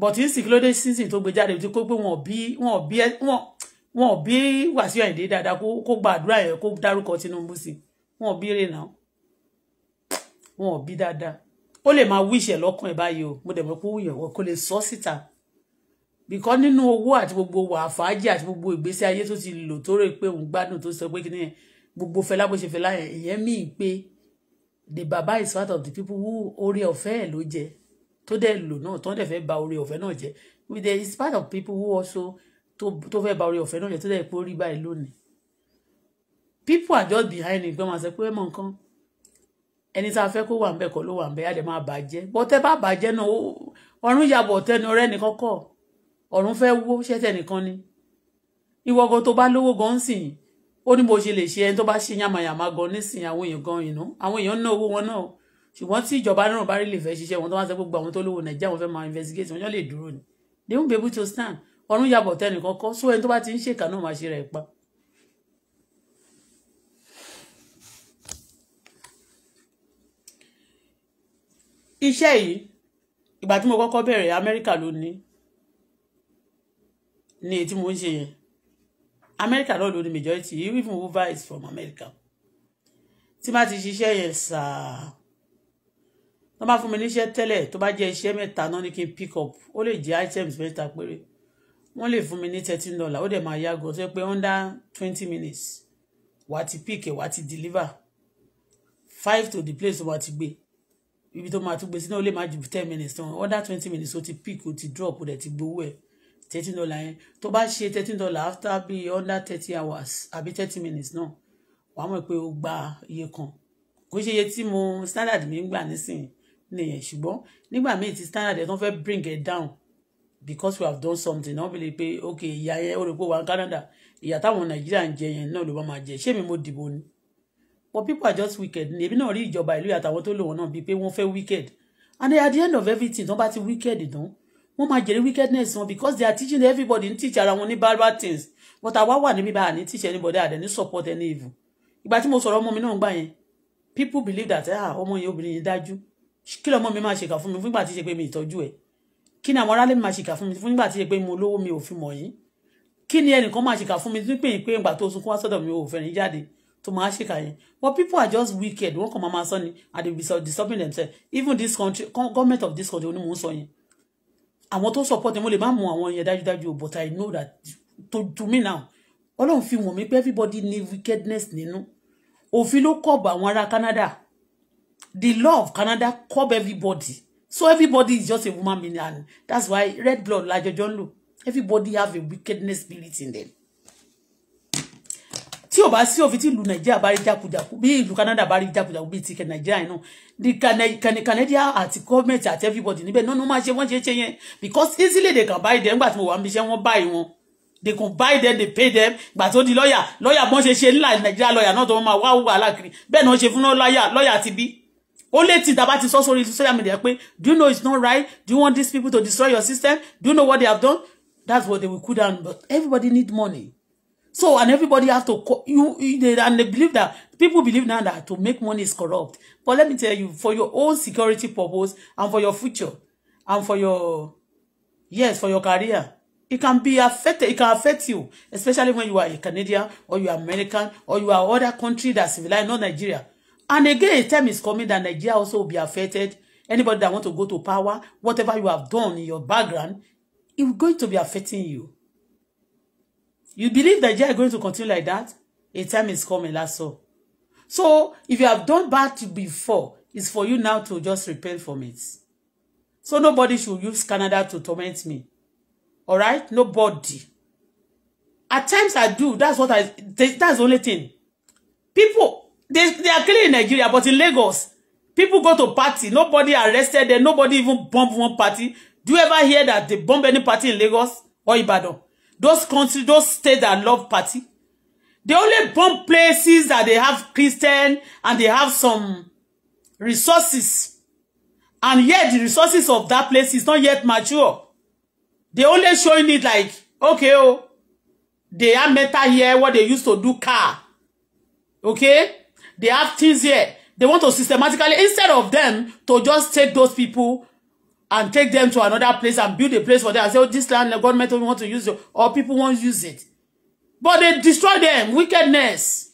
bọ̀ tí ń sì kí ló dé sísìn tó gbé jáde tí kó pé wọn ò bí wọn ò bí wọn wọn ò bí Wàsíù Àyìndé dáadáa kó kó gba àdúrà yẹn kó dárúkọ Tinubu sí wọn ò bí rè náà wọn bí dáadáa ó lè máa wíṣ ẹ lọ́kàn ẹ báyìí o mo dẹ̀ mọ̀ pé ó yàn wọ́n kó lè sọ síta bìkọ́ nínú owó àti gbogbo wàfàájì àti gbogbo ìgbésí ayé tó ti lò tó rè pé òun gbádùn tó sọ pé kí ni gbogbo fẹlá bó ṣe fẹlá yẹn ìyẹn míì pé the baba is part of the people who oore ọ̀fẹ́ ẹ̀ ló jẹ tó dẹ̀ lò náà tó dẹ̀ fẹ́ ba oore ọ̀fẹ́ náà jẹ there is part of people who also tó fẹ́ ba oore ọ̀fẹ́ náà jẹ tó dẹ̀ pé ó rí báyìí lónìí people are just behind it pé wọ́n máa sọ pé mọ̀ nǹkan ẹni tá a fẹ́ kó wà ń bẹ̀ kọ́ ló wà ń bẹ̀ àdè máa bàjẹ́ bọ́tẹ́ bá bàjẹ́ náà ọ̀run yàbọ̀ tẹnu ọ̀rẹ́ nìkan kọ̀ ọ̀run fẹ́ wó ṣẹ́tẹ̀ nìkan ni ìwọ́gọ́ tó bá lówó gan sìn ó ní bó ṣe lè ṣe ẹni tó bá ṣe yàmàyàmà gan nísìn àwọn èèyàn gan ìnú àwọn èèyàn ná owó wọn náà ṣùgbọ́n tí ìjọba náà bá rí lè fẹ́ ṣiṣẹ́ wọn tó wá sẹ́ gbogbo àwọn tó lówó nàìjíríà wọn fẹ́ máa investigate wọn yóò lè dúró ni they won't be able to stand ọ̀run yàbọ̀ tẹnìkan kọ́ so ẹni tó bá ti ń ṣèkà náà máa ṣe rẹ̀ pa iṣẹ́ yìí ìgbà tí mo kọ́kọ́ bẹ̀rẹ̀ amẹ́ríkà ló ní ní tí mo ń ṣe yẹn amẹ́ríkà náà ló ní majority even over is from america tí má ti ṣiṣẹ́ yẹn sáà tó bá fún mi níṣẹ́ tẹ́lẹ̀ tó bá jẹ́ iṣẹ́ mẹ́ta náà ní kí n pick up ó lè jẹ́ items mẹ́ta péré wọ́n lè fún mi ní thirteen dollar ó dẹ̀ máa yá gan tó pé under twenty minutes wà á ti pick ẹ̀ wà á ti deliver five to the place wà á ti gbé ibi tó máa tún gbé sí náà ó lè má ju ten minutes tán other twenty minutes ó ti pick, ó ti drop ó dẹ̀ ti gbowó ẹ̀ thirteen dollar yẹn tó bá ṣe thirteen dollar after bí under thirty hours àbí thirty minutes náà wàá mọ̀ pé o gba iye kan kò ṣe iye tí mo standard mi ń gbà nísìnyí nìyẹn ṣùgbọ́n nígbà míì tí standard ẹ̀ tó fẹ́ bring it down because we have done something náà bìlẹ̀ pé ok ìyá yẹn ó rò pé wà ní Canada ìyá táwọn Nàìjíríà ń jẹ yẹn náà ló bá máa jẹ ṣé mi mo dìbò ni but people are just wicked ni èmi náà rí ìjọba ìlú àtàwọn tó lò wọn náà bíi pé wọ́n fẹ́ wicked and at the end of everything wọ́n bá ti wicked tán wọ́n máa jèrè wickedness wọn because they are teaching everybody ń teach ara wọn ní bad bad things but àwa wà níbí báyà ní teach anybody àdẹ ní support any evil ìgbà tí mo sọ̀rọ̀ ọmọ mi náà gbà yẹn people believe that ah ọmọ yẹn obìnrin yẹn dájú kí lọmọ mi máa ṣèkà fún mi fúngbà tí ṣe pé mi ìtọ́jú ẹ̀ kí ni àwọn aráàlú mi máa ṣèkà fún mi fúngbà tí ṣe pé mo lówó mi ò fi mọ̀ yín kí ni ẹnìkan máa ṣèkà fún mi tí pé pé ìgbà tó sunkún wá sọ́dọ̀ mi ò fẹ́rin jáde To máa ṣèkà yẹn but people are just wicked wọ́n come, máa máa ni and they be disturbing themselves even this country government of this country onímọ̀ ń sọ yẹn àwọn to support them. lè má mú àwọn yẹn dájúdájú o but I know that to to me now ọlọ́run fi wọ̀n mi pé everybody need wickedness nínú òfin ló kọ́ọ̀bù àwọn ará Canada the law of Canada cob everybody so everybody is just a woman being and that's why red blood lajọjọ ń lò everybody have a wickedness spirit in them tí ò bá sí òfin tí ìlú nàìjíríà bá rí jákujàku bí ìlú canada bá rí jákujàku bí ti nàìjíríà yẹn náà the canadian àti government àti everybody níbẹ̀ náà wọ́n máa ṣe wọ́n ṣe ṣe yẹn because easily they can buy them nígbà tí mo wà níbi iṣẹ́ wọ́n báyìí wọn they can buy them they pay them gbà tó di lọ́ọ̀yà lọ́ọ̀yà bọ́n ṣe ṣe ńlá nàìjíríà lọ́ọ̀yà náà tó máa wá wàhálà kiri bẹ́ẹ̀ náà ṣe fún lọ́ọ̀yà lọ́ọ̀yà ti bí ó lè tí tàbá ti sọ sórí social media pé do you know it's not right do you want these people to destroy your system do you know what they have done that's what they will cool down but everybody need money So, and everybody has to, you, they, and they believe that, people believe now that to make money is corrupt. But let me tell you, for your own security purpose and for your future and for your, yes, for your career, it can be affected, it can affect you, especially when you are a Canadian or you are American or you are other country that's civilized, not Nigeria. And again, a time is coming that Nigeria also will be affected. Anybody that want to go to power, whatever you have done in your background, it's going to be affecting you. You believe that you are going to continue like that? A time is coming, that's all. So if you have done bad before, it's for you now to just repent from it. So nobody should use Canada to torment me. All right? Nobody. At times I do. That's what I, that's the only thing. People, they, they are killing in Nigeria, but in Lagos, people go to party. Nobody arrested them. Nobody even bomb one party. Do you ever hear that they bomb any party in Lagos or Ibadan? Those countries, those states that love party, they only bomb places that they have Christian and they have some resources. And yet the resources of that place is not yet mature. They only showing it like, okay, oh, they have metal here, what they used to do car. Okay? They have things here. They want to systematically, instead of them to just take those people and take them to another place and build a place for them and say, oh, this land, the government don't want to use it, or people won't use it. But they destroy them, wickedness.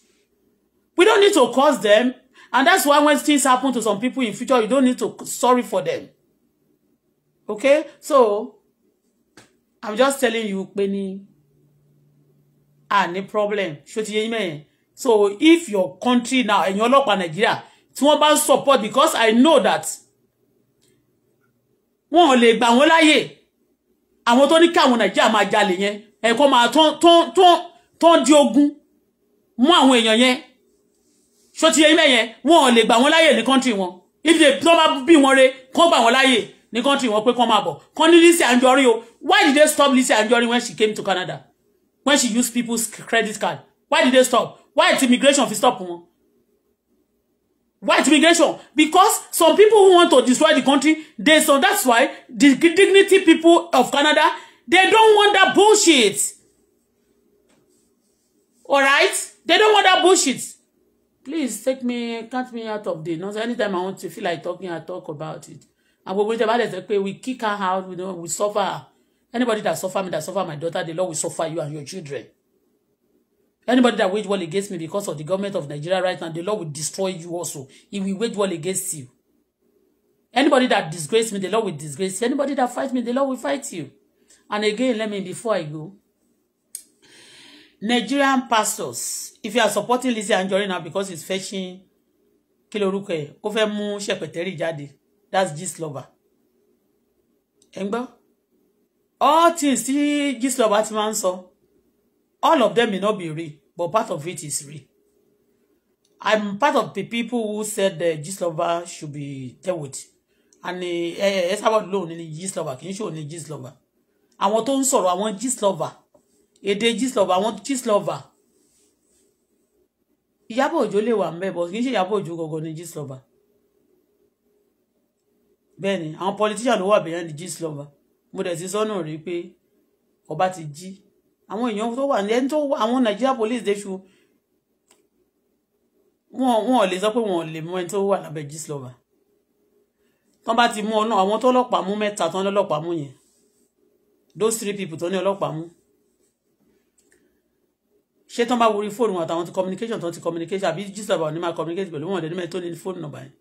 We don't need to cause them. And that's why when things happen to some people in future, you don't need to sorry for them. Okay? So, I'm just telling you, Benny. Penny, any problem. So, if your country now, and your local Nigeria, it's more about support because I know that wọn ò lè gbà wọn láyè àwọn tó ní káwọn nàìjíríà máa jalè yẹn ẹ̀kọ́ máa tán di ogun mú àwọn èèyàn yẹn ṣó ti yẹ ilé wọn ò lè gbà wọn láyè ní kọ́ńtì wọn ilé tó bá bí wọn re kán gbà wọn láyè ní kọ́ńtì wọn pé kán máa bọ̀ kán ní Lizzy Anjorin o why did they stop Lizzy Anjorin when she came to Canada when she used people's credit card why did they stop why did immigration fi stop wọn white immigration because some people who want to destroy the country they so that's why the dignity people of Canada they don't want that bullshit all right they don't want that bullshit please take me cut me out of the nonsense anytime I want to feel like talking I talk about it and we will about it Okay, we kick her out we don't we suffer anybody that suffer me that suffer my daughter the Lord will suffer you and your children Anybody that wage war against me because of the government of Nigeria right now, the Lord will destroy you also. He will wage war against you. Anybody that disgrace me, the Lord will disgrace you. Anybody that fights me, the Lord will fight you. And again, let me, before I go, Nigerian pastors, if you are supporting Lizzie Anjori now because he's fetching kiloruke, lorúkọ shepeteri jadi, that's Gistlover ẹ̀ ń all things tí Gistlover ti máa ń all of them may not be real but part of it is real. I'm part of the people who said the Gistlover should be dealt with. And ẹ eh, eh, eh, sábà lóun ní Gistlover kì í ṣòun ní Gistlover. Àwọn tó ń sọ̀rọ̀ àwọn Gistlover èdè Gistlover àwọn Gistlover. Ìyábọ̀ Òjó lè wà ń bẹ̀ bọ̀ kì í ṣe Ìyábọ̀ Òjó gangan ní Gistlover. Bẹ́ẹ̀ni àwọn politician ló wà bẹ̀yẹn ní Gistlover. Mo dẹ̀ ti sọ́nà rí pé ọba ti jí àwọn èèyàn tó wà ẹni tó wà àwọn Nigeria police dey ṣu wọn wọn ò lè sọ pé wọn ò lè mú ẹni tó wà lábẹ́ Gistlover tán bá ti mú ọ náà àwọn tó ọlọ́pàá mú mẹ́ta tán lọ́lọ́pàá mú yẹn those three people tó ní ọlọ́pàá mú ṣé tán bá wo orí fóònù wọn àtàwọn ti communication tán ti communication àbí Gistlover ò ní máa communicate pẹ̀lú wọn ò dẹ̀ ní mẹ́ta tó ní fóònù nọ̀bà yẹn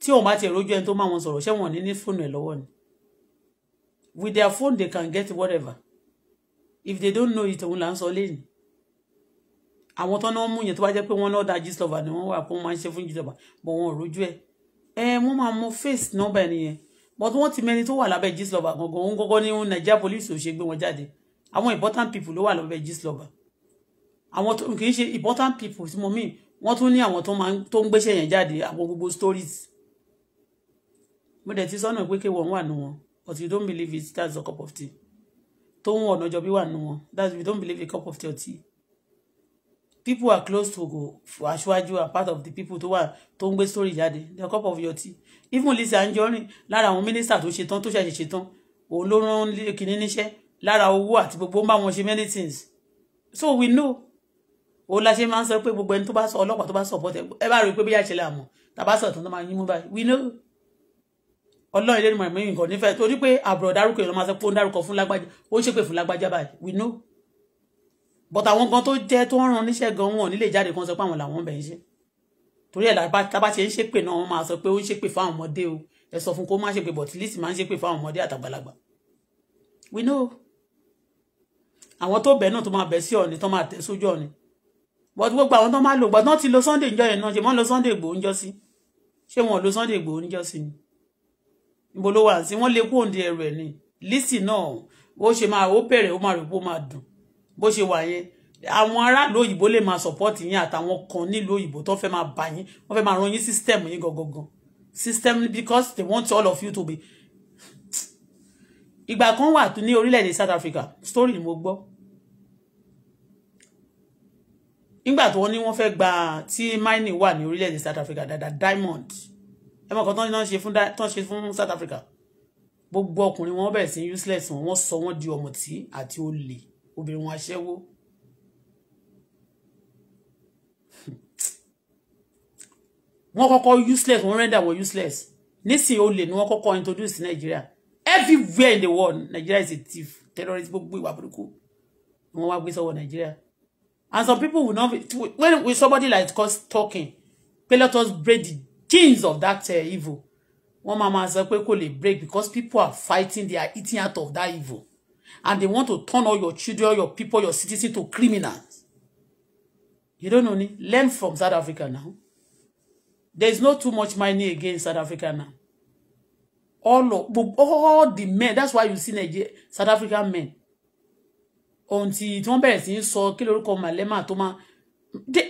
tí òun bá ti rojú ẹni tó máa wọn sọ̀rọ̀ ṣé wọn ò ní ní fóònù ẹ̀ lọ́wọ́ ni with their phone they can get whatever if they don't know it òun là ń sọ lẹ́yìn àwọn tó náà mú yẹn tó bá jẹ́ pé wọ́n náà da gíslọ́fà ni wọ́n wà fún máa ń ṣe fún gíslọ́fà bọ̀ wọn ò rójú ẹ̀ ẹ wọ́n máa mọ face nọ́mbà ẹ̀ nìyẹn but wọ́n ti mẹ́ni tó wà lábẹ́ gíslọ́fà gangan òun gọ́gọ́ ní Nigeria police ò ṣe gbé wọn jáde àwọn important people ló wà lábẹ́ gíslọ́fà àwọn tó kì í ṣe important people tí mo mean wọ́n tún ní àwọn tó ń gbéṣẹ́ yẹn jáde àwọn gbogbo stories mo dẹ̀ ti sọ́nà pé kéwọ́n wà nù wọn but you don't believe it that's a cup of tea. Tóun Ọ̀nàjọ́bí wà nù wọn that's we don't believe a cup of tea or tea people are close to go. aṣáájú are part of the people tó wà tó ń gbé story jáde the cup of your tea even Lizzy Anjorin lára àwọn minister, tó ṣetán tó ṣẹ̀ṣẹ̀ ṣetán òun ló rán kínní níṣẹ́ lára owó àti gbogbo ń bá wọn ṣe many things so we know ó la ṣe máa ń sọ pé gbogbo ẹni tó bá sọ ọlọ́pàá tó bá sọ ọ̀pọ̀ tẹ ẹ bá rí i pé bí àṣẹ làmọ̀ tàbá sọ̀tàn tó máa yín mú báyìí we know ọlọ́run ilé ìmọ̀ ìmọ̀ nǹkan nífẹ̀ẹ́ torí pé àbúrò dárúkọ èèyàn máa sọ pé ó ń dárúkọ fún lágbájá ó ń ṣépè fún lágbájá báyìí we know but àwọn gan tó jẹ́ tó ń ran níṣẹ́ gan wọn ò ní lè jáde kan sọ pé àwọn làwọn bẹ̀ ń ṣe torí ẹ̀ lábá ṣe ń ṣépè náà wọ́n máa sọ pé ó ń ṣépè fáwọn ọmọdé o ẹ sọ fún kó má ṣépè but list máa ń ṣépè fáwọn ọmọdé àtàgbàlagbà we know àwọn tó bẹ̀ náà tó máa bẹ̀ sí ọ̀ni tó máa tẹ̀ sójú ọ̀ni but gbogbo àwọn tó máa lò gbọ́dọ̀ ti lo Sunday ìjọ yẹn náà ṣe wọ́n lo Sunday Igboho ń jọ sí ṣé wọn ò lo Sunday Igboho ń jọ sí ni níbo ló wà sí wọ́n lè kó ni Lizzy náà bó ṣe máa ó bẹ̀rẹ̀ ó máa rò pé ó máa dùn bó ṣe wà yẹn àwọn aráàlú òyìnbó lè máa sọ̀pọ́ọ̀tì yín àtàwọn kan nílùú òyìnbó tó fẹ́ máa bà yín wọ́n fẹ́ máa ran yín system yín gangan system because they want all of you to be ìgbà kan wà tún ní orílẹ̀-èdè South Africa story ni mo gbọ́ nígbà tó wọ́n ní wọ́n fẹ́ gba tí mining wà ní orílẹ̀-èdè South Africa dáadáa diamond ẹ mọ̀ kan tán náà ṣe fún tán ṣe fún South Africa gbogbo ọkùnrin wọn bẹ̀rẹ̀ sí useless wọn wọ́n sọ wọ́n di ọ̀mùtí àti olè obìnrin wọn aṣẹ́wó wọ́n kọ́kọ́ useless wọ́n render wọ́n useless nísìnyí olè ni wọ́n kọ́kọ́ introduce sí Nàìjíríà everywhere in the world Nigeria is a thief terrorist gbogbo ìwà burúkú ni wọ́n wá gbé sọ́wọ́ Nigeria. and some people will not be, when somebody like us talking pé let us break the genes of that uh, evil wọ́n mama máa sọ pé break because people are fighting they are eating out of that evil and they want to turn all your children your people your citizens to criminals you don't know ni learn from South Africa now there is not too much money again in South Africa now all of all the men that's why you see Nigeria South African men until tí wọ́n bẹ̀rẹ̀ sí í sọ kí lórúkọ malema tó máa they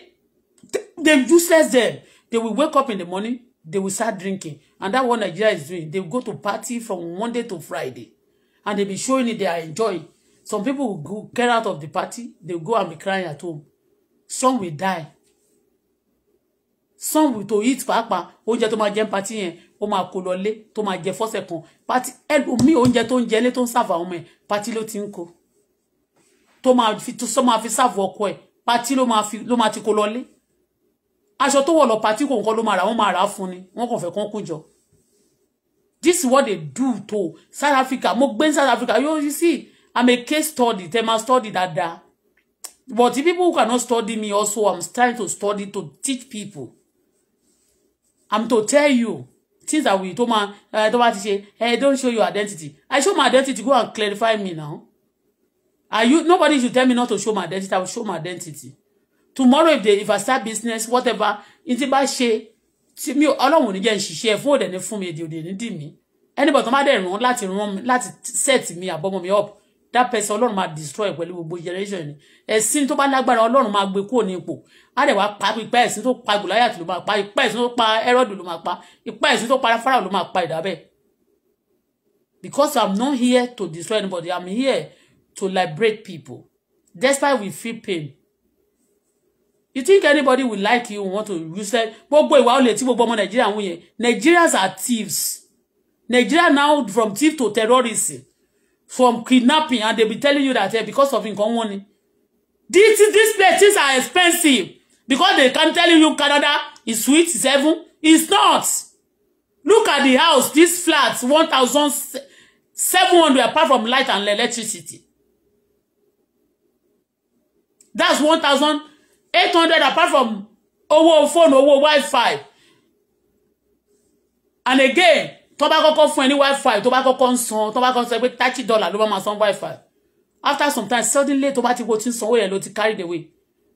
they useless them They will wake up in the morning, they will start drinking. And that what Nigeria is doing. They will go to party from Monday to Friday. And they'll be showing it they are enjoying. Some people will go, get out of the party, they'll go and be crying at home. Some will die. Some will to eat pàápàá oúnjẹ tó máa jẹ party yẹn ó máa kó lọ lé tó máa jẹ party ẹlòmíì oúnjẹ tó ń jẹ lé tó ń serve party ló ti ń kó tó máa fi tó fi serve ọkọ party ló máa fi ló máa ti kó aṣọ tó wọ̀ lọ pàtí kò nǹkan ló máa rà wọ́n máa rà fún ni wọ́n kàn fẹ́ kán kó jọ this is what they do to South Africa mo gbé South Africa you, you see I'm a case study tẹ́ máa study dáadáa but the people who cannot study me also I'm trying to study to teach people I'm to tell you things that we tó máa eh, tó bá ti ṣe hey eh, don't show your identity I show my identity go and clarify me now are you nobody should tell me not to show my identity I will show my identity tomorrow if they if i start business whatever n ti bá ṣe tí mi ọlọ́run ò ní jẹ́ n ṣiṣẹ́ fún òdẹ̀ ní fún mi èdè òdè ní dì mí anybody tó má run, ràn láti ràn mí set mi àbọ̀mọ̀ mi up that person ọlọ́run máa destroy pẹ̀lú gbogbo generation ni ẹ̀sìn to bá lágbára ọlọ́run máa gbé kúrò ní ipò á dẹ̀ wá pa ipá ẹ̀sìn tó pa gòláyàtì ló máa pa ipá ẹ̀sìn tó pa ẹrọ́dù ló máa pa ipá ẹ̀sìn tó pa afárá ló máa pa ìdábẹ́ because i'm not here to destroy anybody i'm here to liberate people despite we feel pain you think anybody will like you want to use it gbogbo ìwà olè tí gbogbo ọmọ nàìjíríà ń wù nigerians are thieves nigeria now from thief to terrorism from kidnapping and they be telling you that eh, because of income money. ni this this place are expensive because they can tell you canada is sweet is heaven it's not look at the house this flat one thousand seven hundred apart from light and electricity that's one thousand eight hundred apart from owó fóònù owó wifi and again tó bá kọ́kọ́ fún ẹ ní wifi tó bá kọ́kọ́ ń san tó bá kọ́kọ́ sọ pé thirty dollar ló bá máa san wifi after some time suddenly tó bá ti wo tí ń sanwó yẹn ló ti carry the way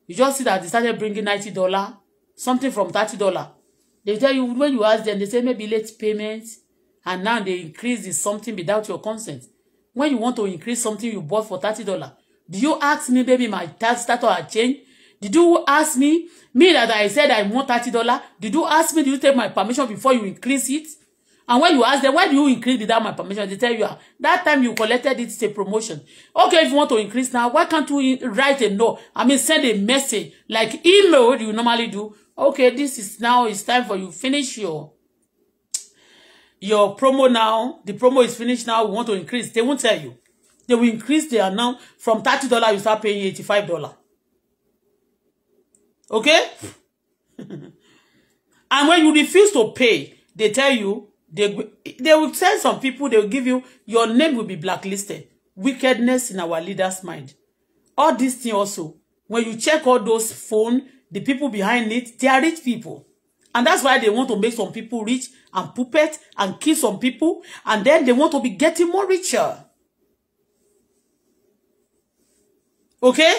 you just see that they started bringing ninety dollar something from thirty dollar they tell you when you ask them they say maybe late payment and now they increase the something without your consent when you want to increase something you bought for thirty dollar do you ask me baby my tax status had changed Did you ask me? Me that I said I want thirty dollar. Did you ask me? Did you take my permission before you increase it? And when you ask them, why do you increase without my permission? They tell you, ah, that time you collected it, it's a promotion. Okay, if you want to increase now, why can't you write a note? I mean, send a message, like email you normally do. Okay, this is now, it's time for you. Finish your your promo now. The promo is finished now. We want to increase. They won't tell you. They will increase their now. From thirty dollar you start paying eighty five dollar. Okay? and when you refuse to pay, they tell you, they, they will send some people, they will give you, your name will be blacklisted. Wickedness in our leaders' mind. All this thing also, when you check all those phone, the people behind it, they are rich people. And that's why they want to make some people rich and puppet and kill some people. And then they want to be getting more richer. Okay?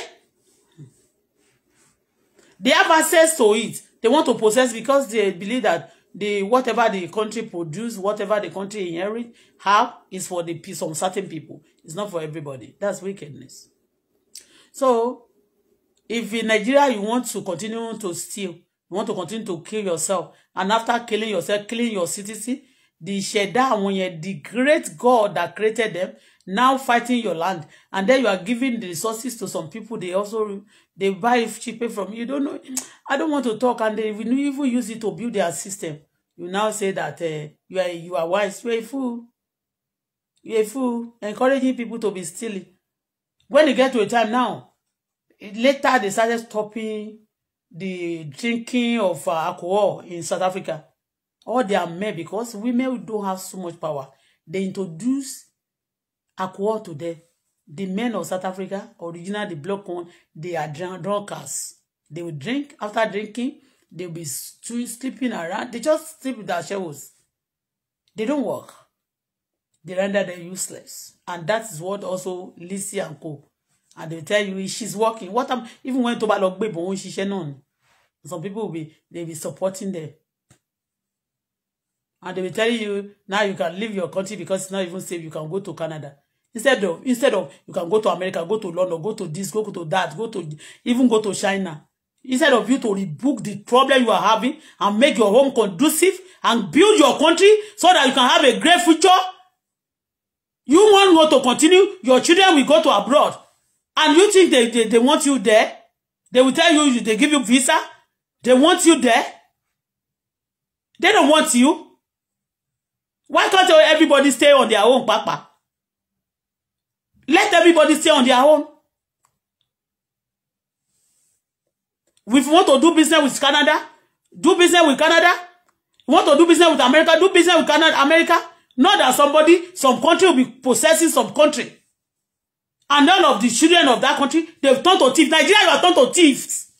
They have access to it. They want to possess because they believe that the whatever the country produce, whatever the country inherit, have is for the some certain people. It's not for everybody. That's wickedness. So, if in Nigeria you want to continue to steal, you want to continue to kill yourself, and after killing yourself, killing your citizen, the Sheda Amunye, the great God that created them, now fighting your land, and then you are giving the resources to some people. They also They buy cheaper from you. Don't know. I don't want to talk, and they will even use it to build their system. You now say that uh, you are you are wise. You are a fool. You are a fool. Encouraging people to be stealing. When you get to a time now, later they started stopping the drinking of uh, alcohol in South Africa. All their men, because women don't have so much power. They introduce alcohol to them the men of South Africa, originally the black one, they are drunkards. They will drink. After drinking, they'll be sleeping around. They just sleep with their shadows. They don't work. They render them useless. And that is what also Lizzy and co. And they tell you, she's working. What am even when Toba lọ gbé bọ̀, she none. Some people will be, they'll be supporting them. And they will tell you, now you can leave your country because it's not even safe. You can go to Canada instead of instead of you can go to America go to London go to this go to that go to even go to China instead of you to rebook the problem you are having and make your home conducive and build your country so that you can have a great future you want go to continue your children will go to abroad and you think they, they, they want you there they will tell you they give you visa they want you there they don't want you why can't everybody stay on their own papa Let everybody stay on their own. If you want to do business with Canada, do business with Canada. You want to do business with America, do business with Canada, America. Not that somebody, some country will be possessing some country. And all of the children of that country, they've turned to thieves. Nigeria, you are turned to thieves.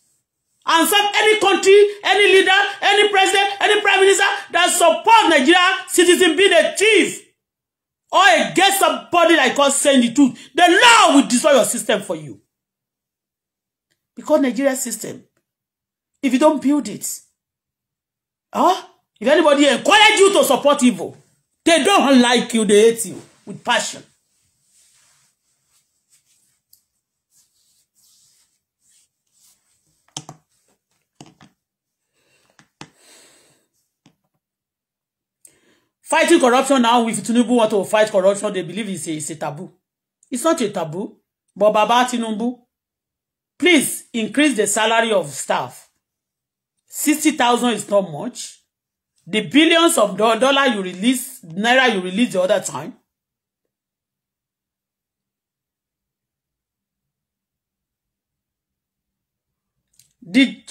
And some, any country, any leader, any president, any prime minister that support Nigeria citizen being a thief or against somebody like God send the truth, the law will destroy your system for you. Because Nigeria system, if you don't build it, huh? if anybody encourage you to support evil, they don't like you, they hate you with passion. Fighting corruption now with Tinubu want to fight corruption, they believe it's a, it's a taboo. It's not a taboo. But Baba Tinubu, please increase the salary of staff. 60,000 is not much. The billions of dollar you release, naira you release the other time. The,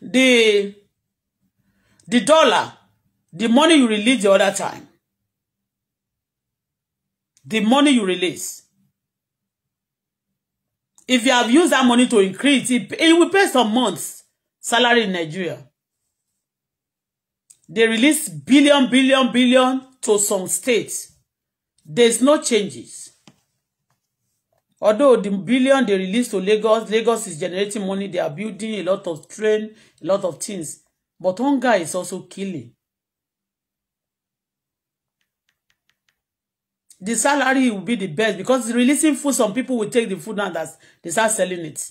the, the dollar The money you release the other time. The money you release. If you have used that money to increase, it, it will pay some months salary in Nigeria. They release billion, billion, billion to some states. There's no changes. Although the billion they release to Lagos, Lagos is generating money. They are building a lot of train, a lot of things. But hunger is also killing. the salary will be the best because releasing food, some people will take the food now that they start selling it.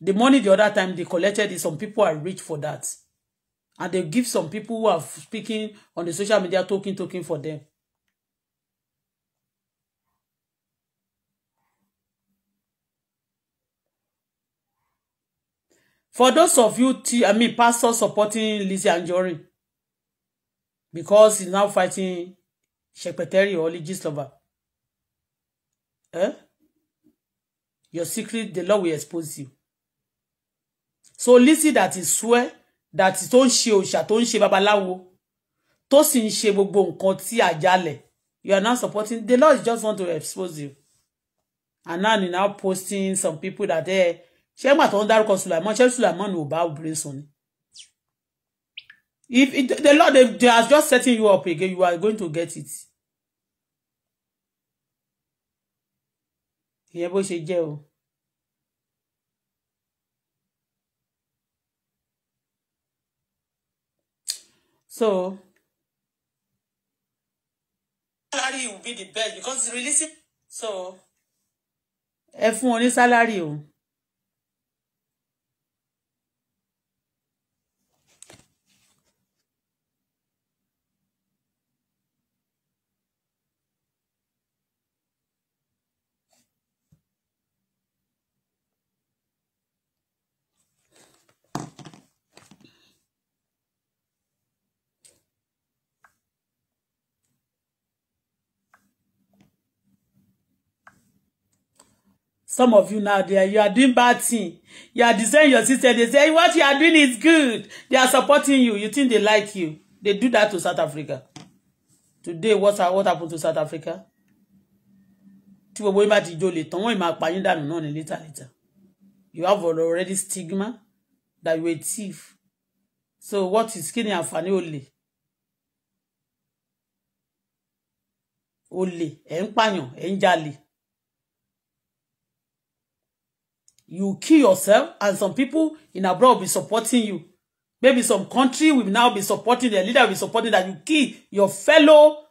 The money the other time they collected is some people are rich for that. And they give some people who are speaking on the social media token token for them. For those of you, I mean, pastors supporting Lizzie and Jory, because he's now fighting Secretary or Legislature eh? your secret the Lord will expose you so listen, that is swear that is ń ṣe òòṣà tó ń ṣe babaláwo tó sì ń ṣe gbogbo nǹkan you are not supporting the Lord just want to expose you and now you now posting some people that eh ṣé mà tó ń dárúkọ Sulaiman ṣé Sulaiman ò bá obìnrin sùn if it, the Lord they, they are just setting you up again you are going to get it ìyẹn bó ṣe jẹ́ o. so. salary will be the best because releasing so. ẹ fún wọn ní sálárì o. Some of you now there, you are doing bad thing. You are deserting your sister. They say what you are doing is good. They are supporting you. You think they like you. They do that to South Africa. Today, what what happened to South Africa? You have already stigma that you a thief. So what is kí ni àǹfààní Only, Olè, ẹ̀ ń you kill yourself and some people in abroad will be supporting you. Maybe some country will now be supporting their leader will be supporting that you kill your fellow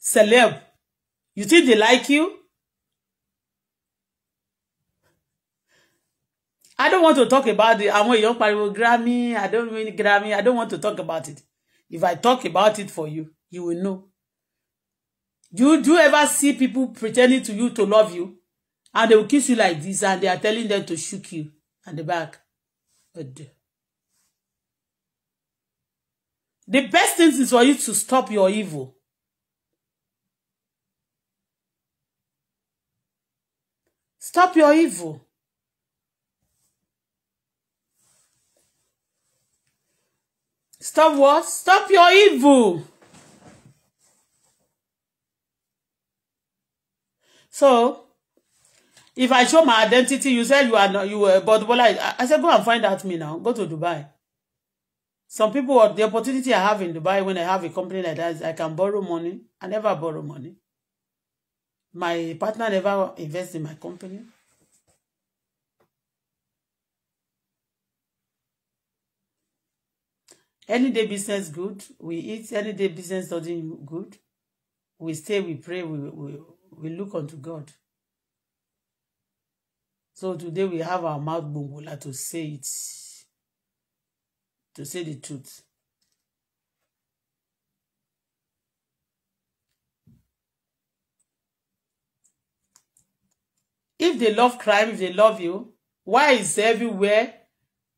celeb. You think they like you? I don't want to talk about the àwọn èèyàn pariwo Grammy. I don't mean Grammy. I don't want to talk about it. If I talk about it for you, you will know. Do, do you ever see people pretending to you to love you? And they will kiss you like this, and they are telling them to shoot you at the back. But the best thing is for you to stop your evil. Stop your evil. Stop what? Stop your evil. So, If I show my identity, you say you are not, you were, but Bola, I, I said, go and find out me now. Go to Dubai. Some people, the opportunity I have in Dubai when I have a company like that, I can borrow money. I never borrow money. My partner never invests in my company. Any day business good. We eat. Any day business doesn't good. We stay, we pray, we, we, we look unto God. So today we have our mouth bongola to say it, to say the truth. If they love crime, if they love you, why is everywhere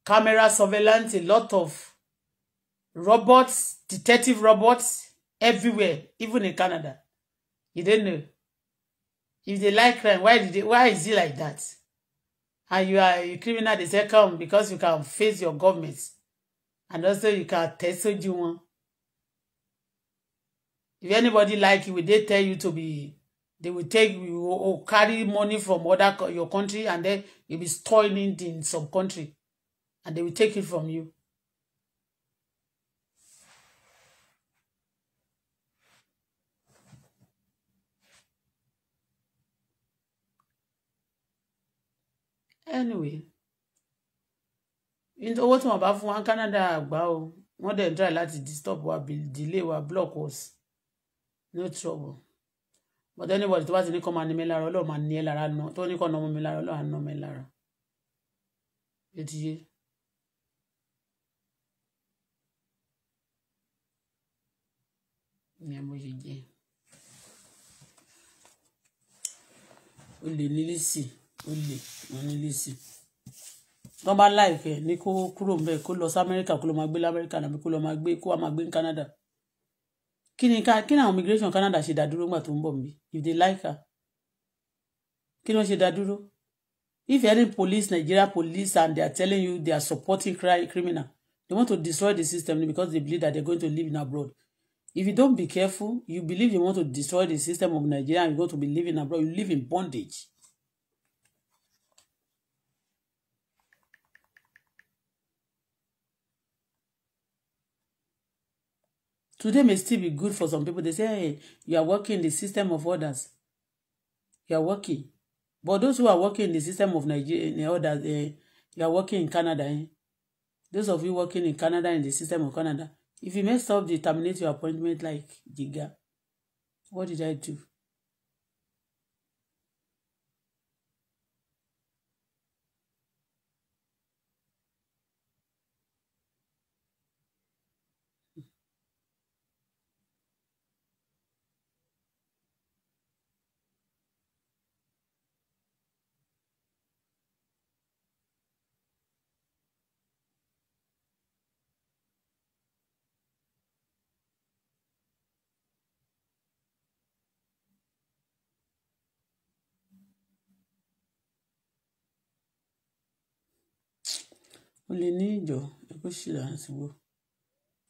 camera surveillance, a lot of robots, detective robots everywhere, even in Canada? You don't know. If they like crime, why did they, why is it like that? and you are a criminal they say come because you can face your government and also you can test you wọn if anybody like you they tell you to be they will take you or carry money from other your country and then you be storing it in some country and they will take it from you anyway owó tí wọn bá fún wa ní Canada àgbà o wọn dẹ̀ try láti disturb wa delay wa block us no trouble but anybody tó bá ti ní kọ́ máa ní mi lára ọlọ́run máa ní ẹ lára nà tó ní kọ́ nà ọmọ mi lára ọlọ́run nà mi lára etiye. ìyẹn mo ṣe jẹ olè ní lísì ó lè wọn ní lẹ́sìn tó bá láìfẹ́ ní kó kúrò ń bẹ̀ kó lọ sí amẹ́ríkà kó lọ máa gbé lamẹ́ríkà nàbí kó lọ máa gbé kó wá máa gbé ní canada kí ni ká kí ni àwọn immigration canada ṣe dádúró ńgbà tó ń bọ̀ mí if they like her kí ni wọ́n ṣe dádúró if any police nigeria police and they are telling you they are supporting crime criminal they want to destroy the system because they believe that they are going to live in abroad if you don't be careful you believe you want to destroy the system of nigeria and you go to be living abroad you live in bondage Today may still be good for some people. They say, hey, you are working in the system of others. You are working. But those who are working in the system of Nigeria, others, eh, you are working in Canada. Eh? Those of you working in Canada, in the system of Canada, if you mess up, they terminate your appointment like Jiga. What did I do? o lè ní ìjọ ẹ kó ṣì rà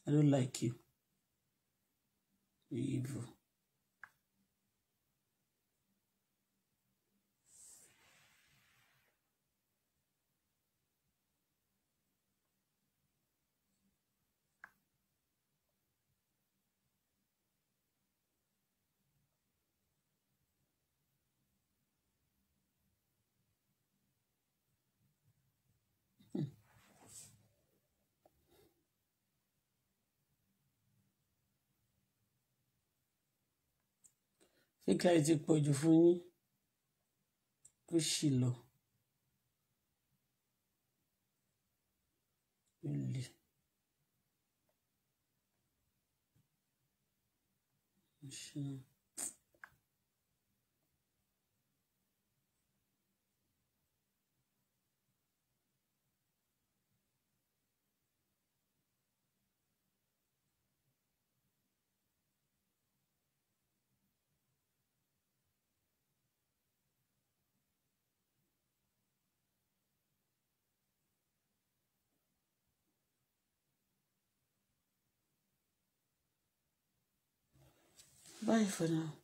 I don't like You evil. kíkà yìí ti pọ̀ jù fún yín kó sì lọ. Olè. Ṣé. Bye for now.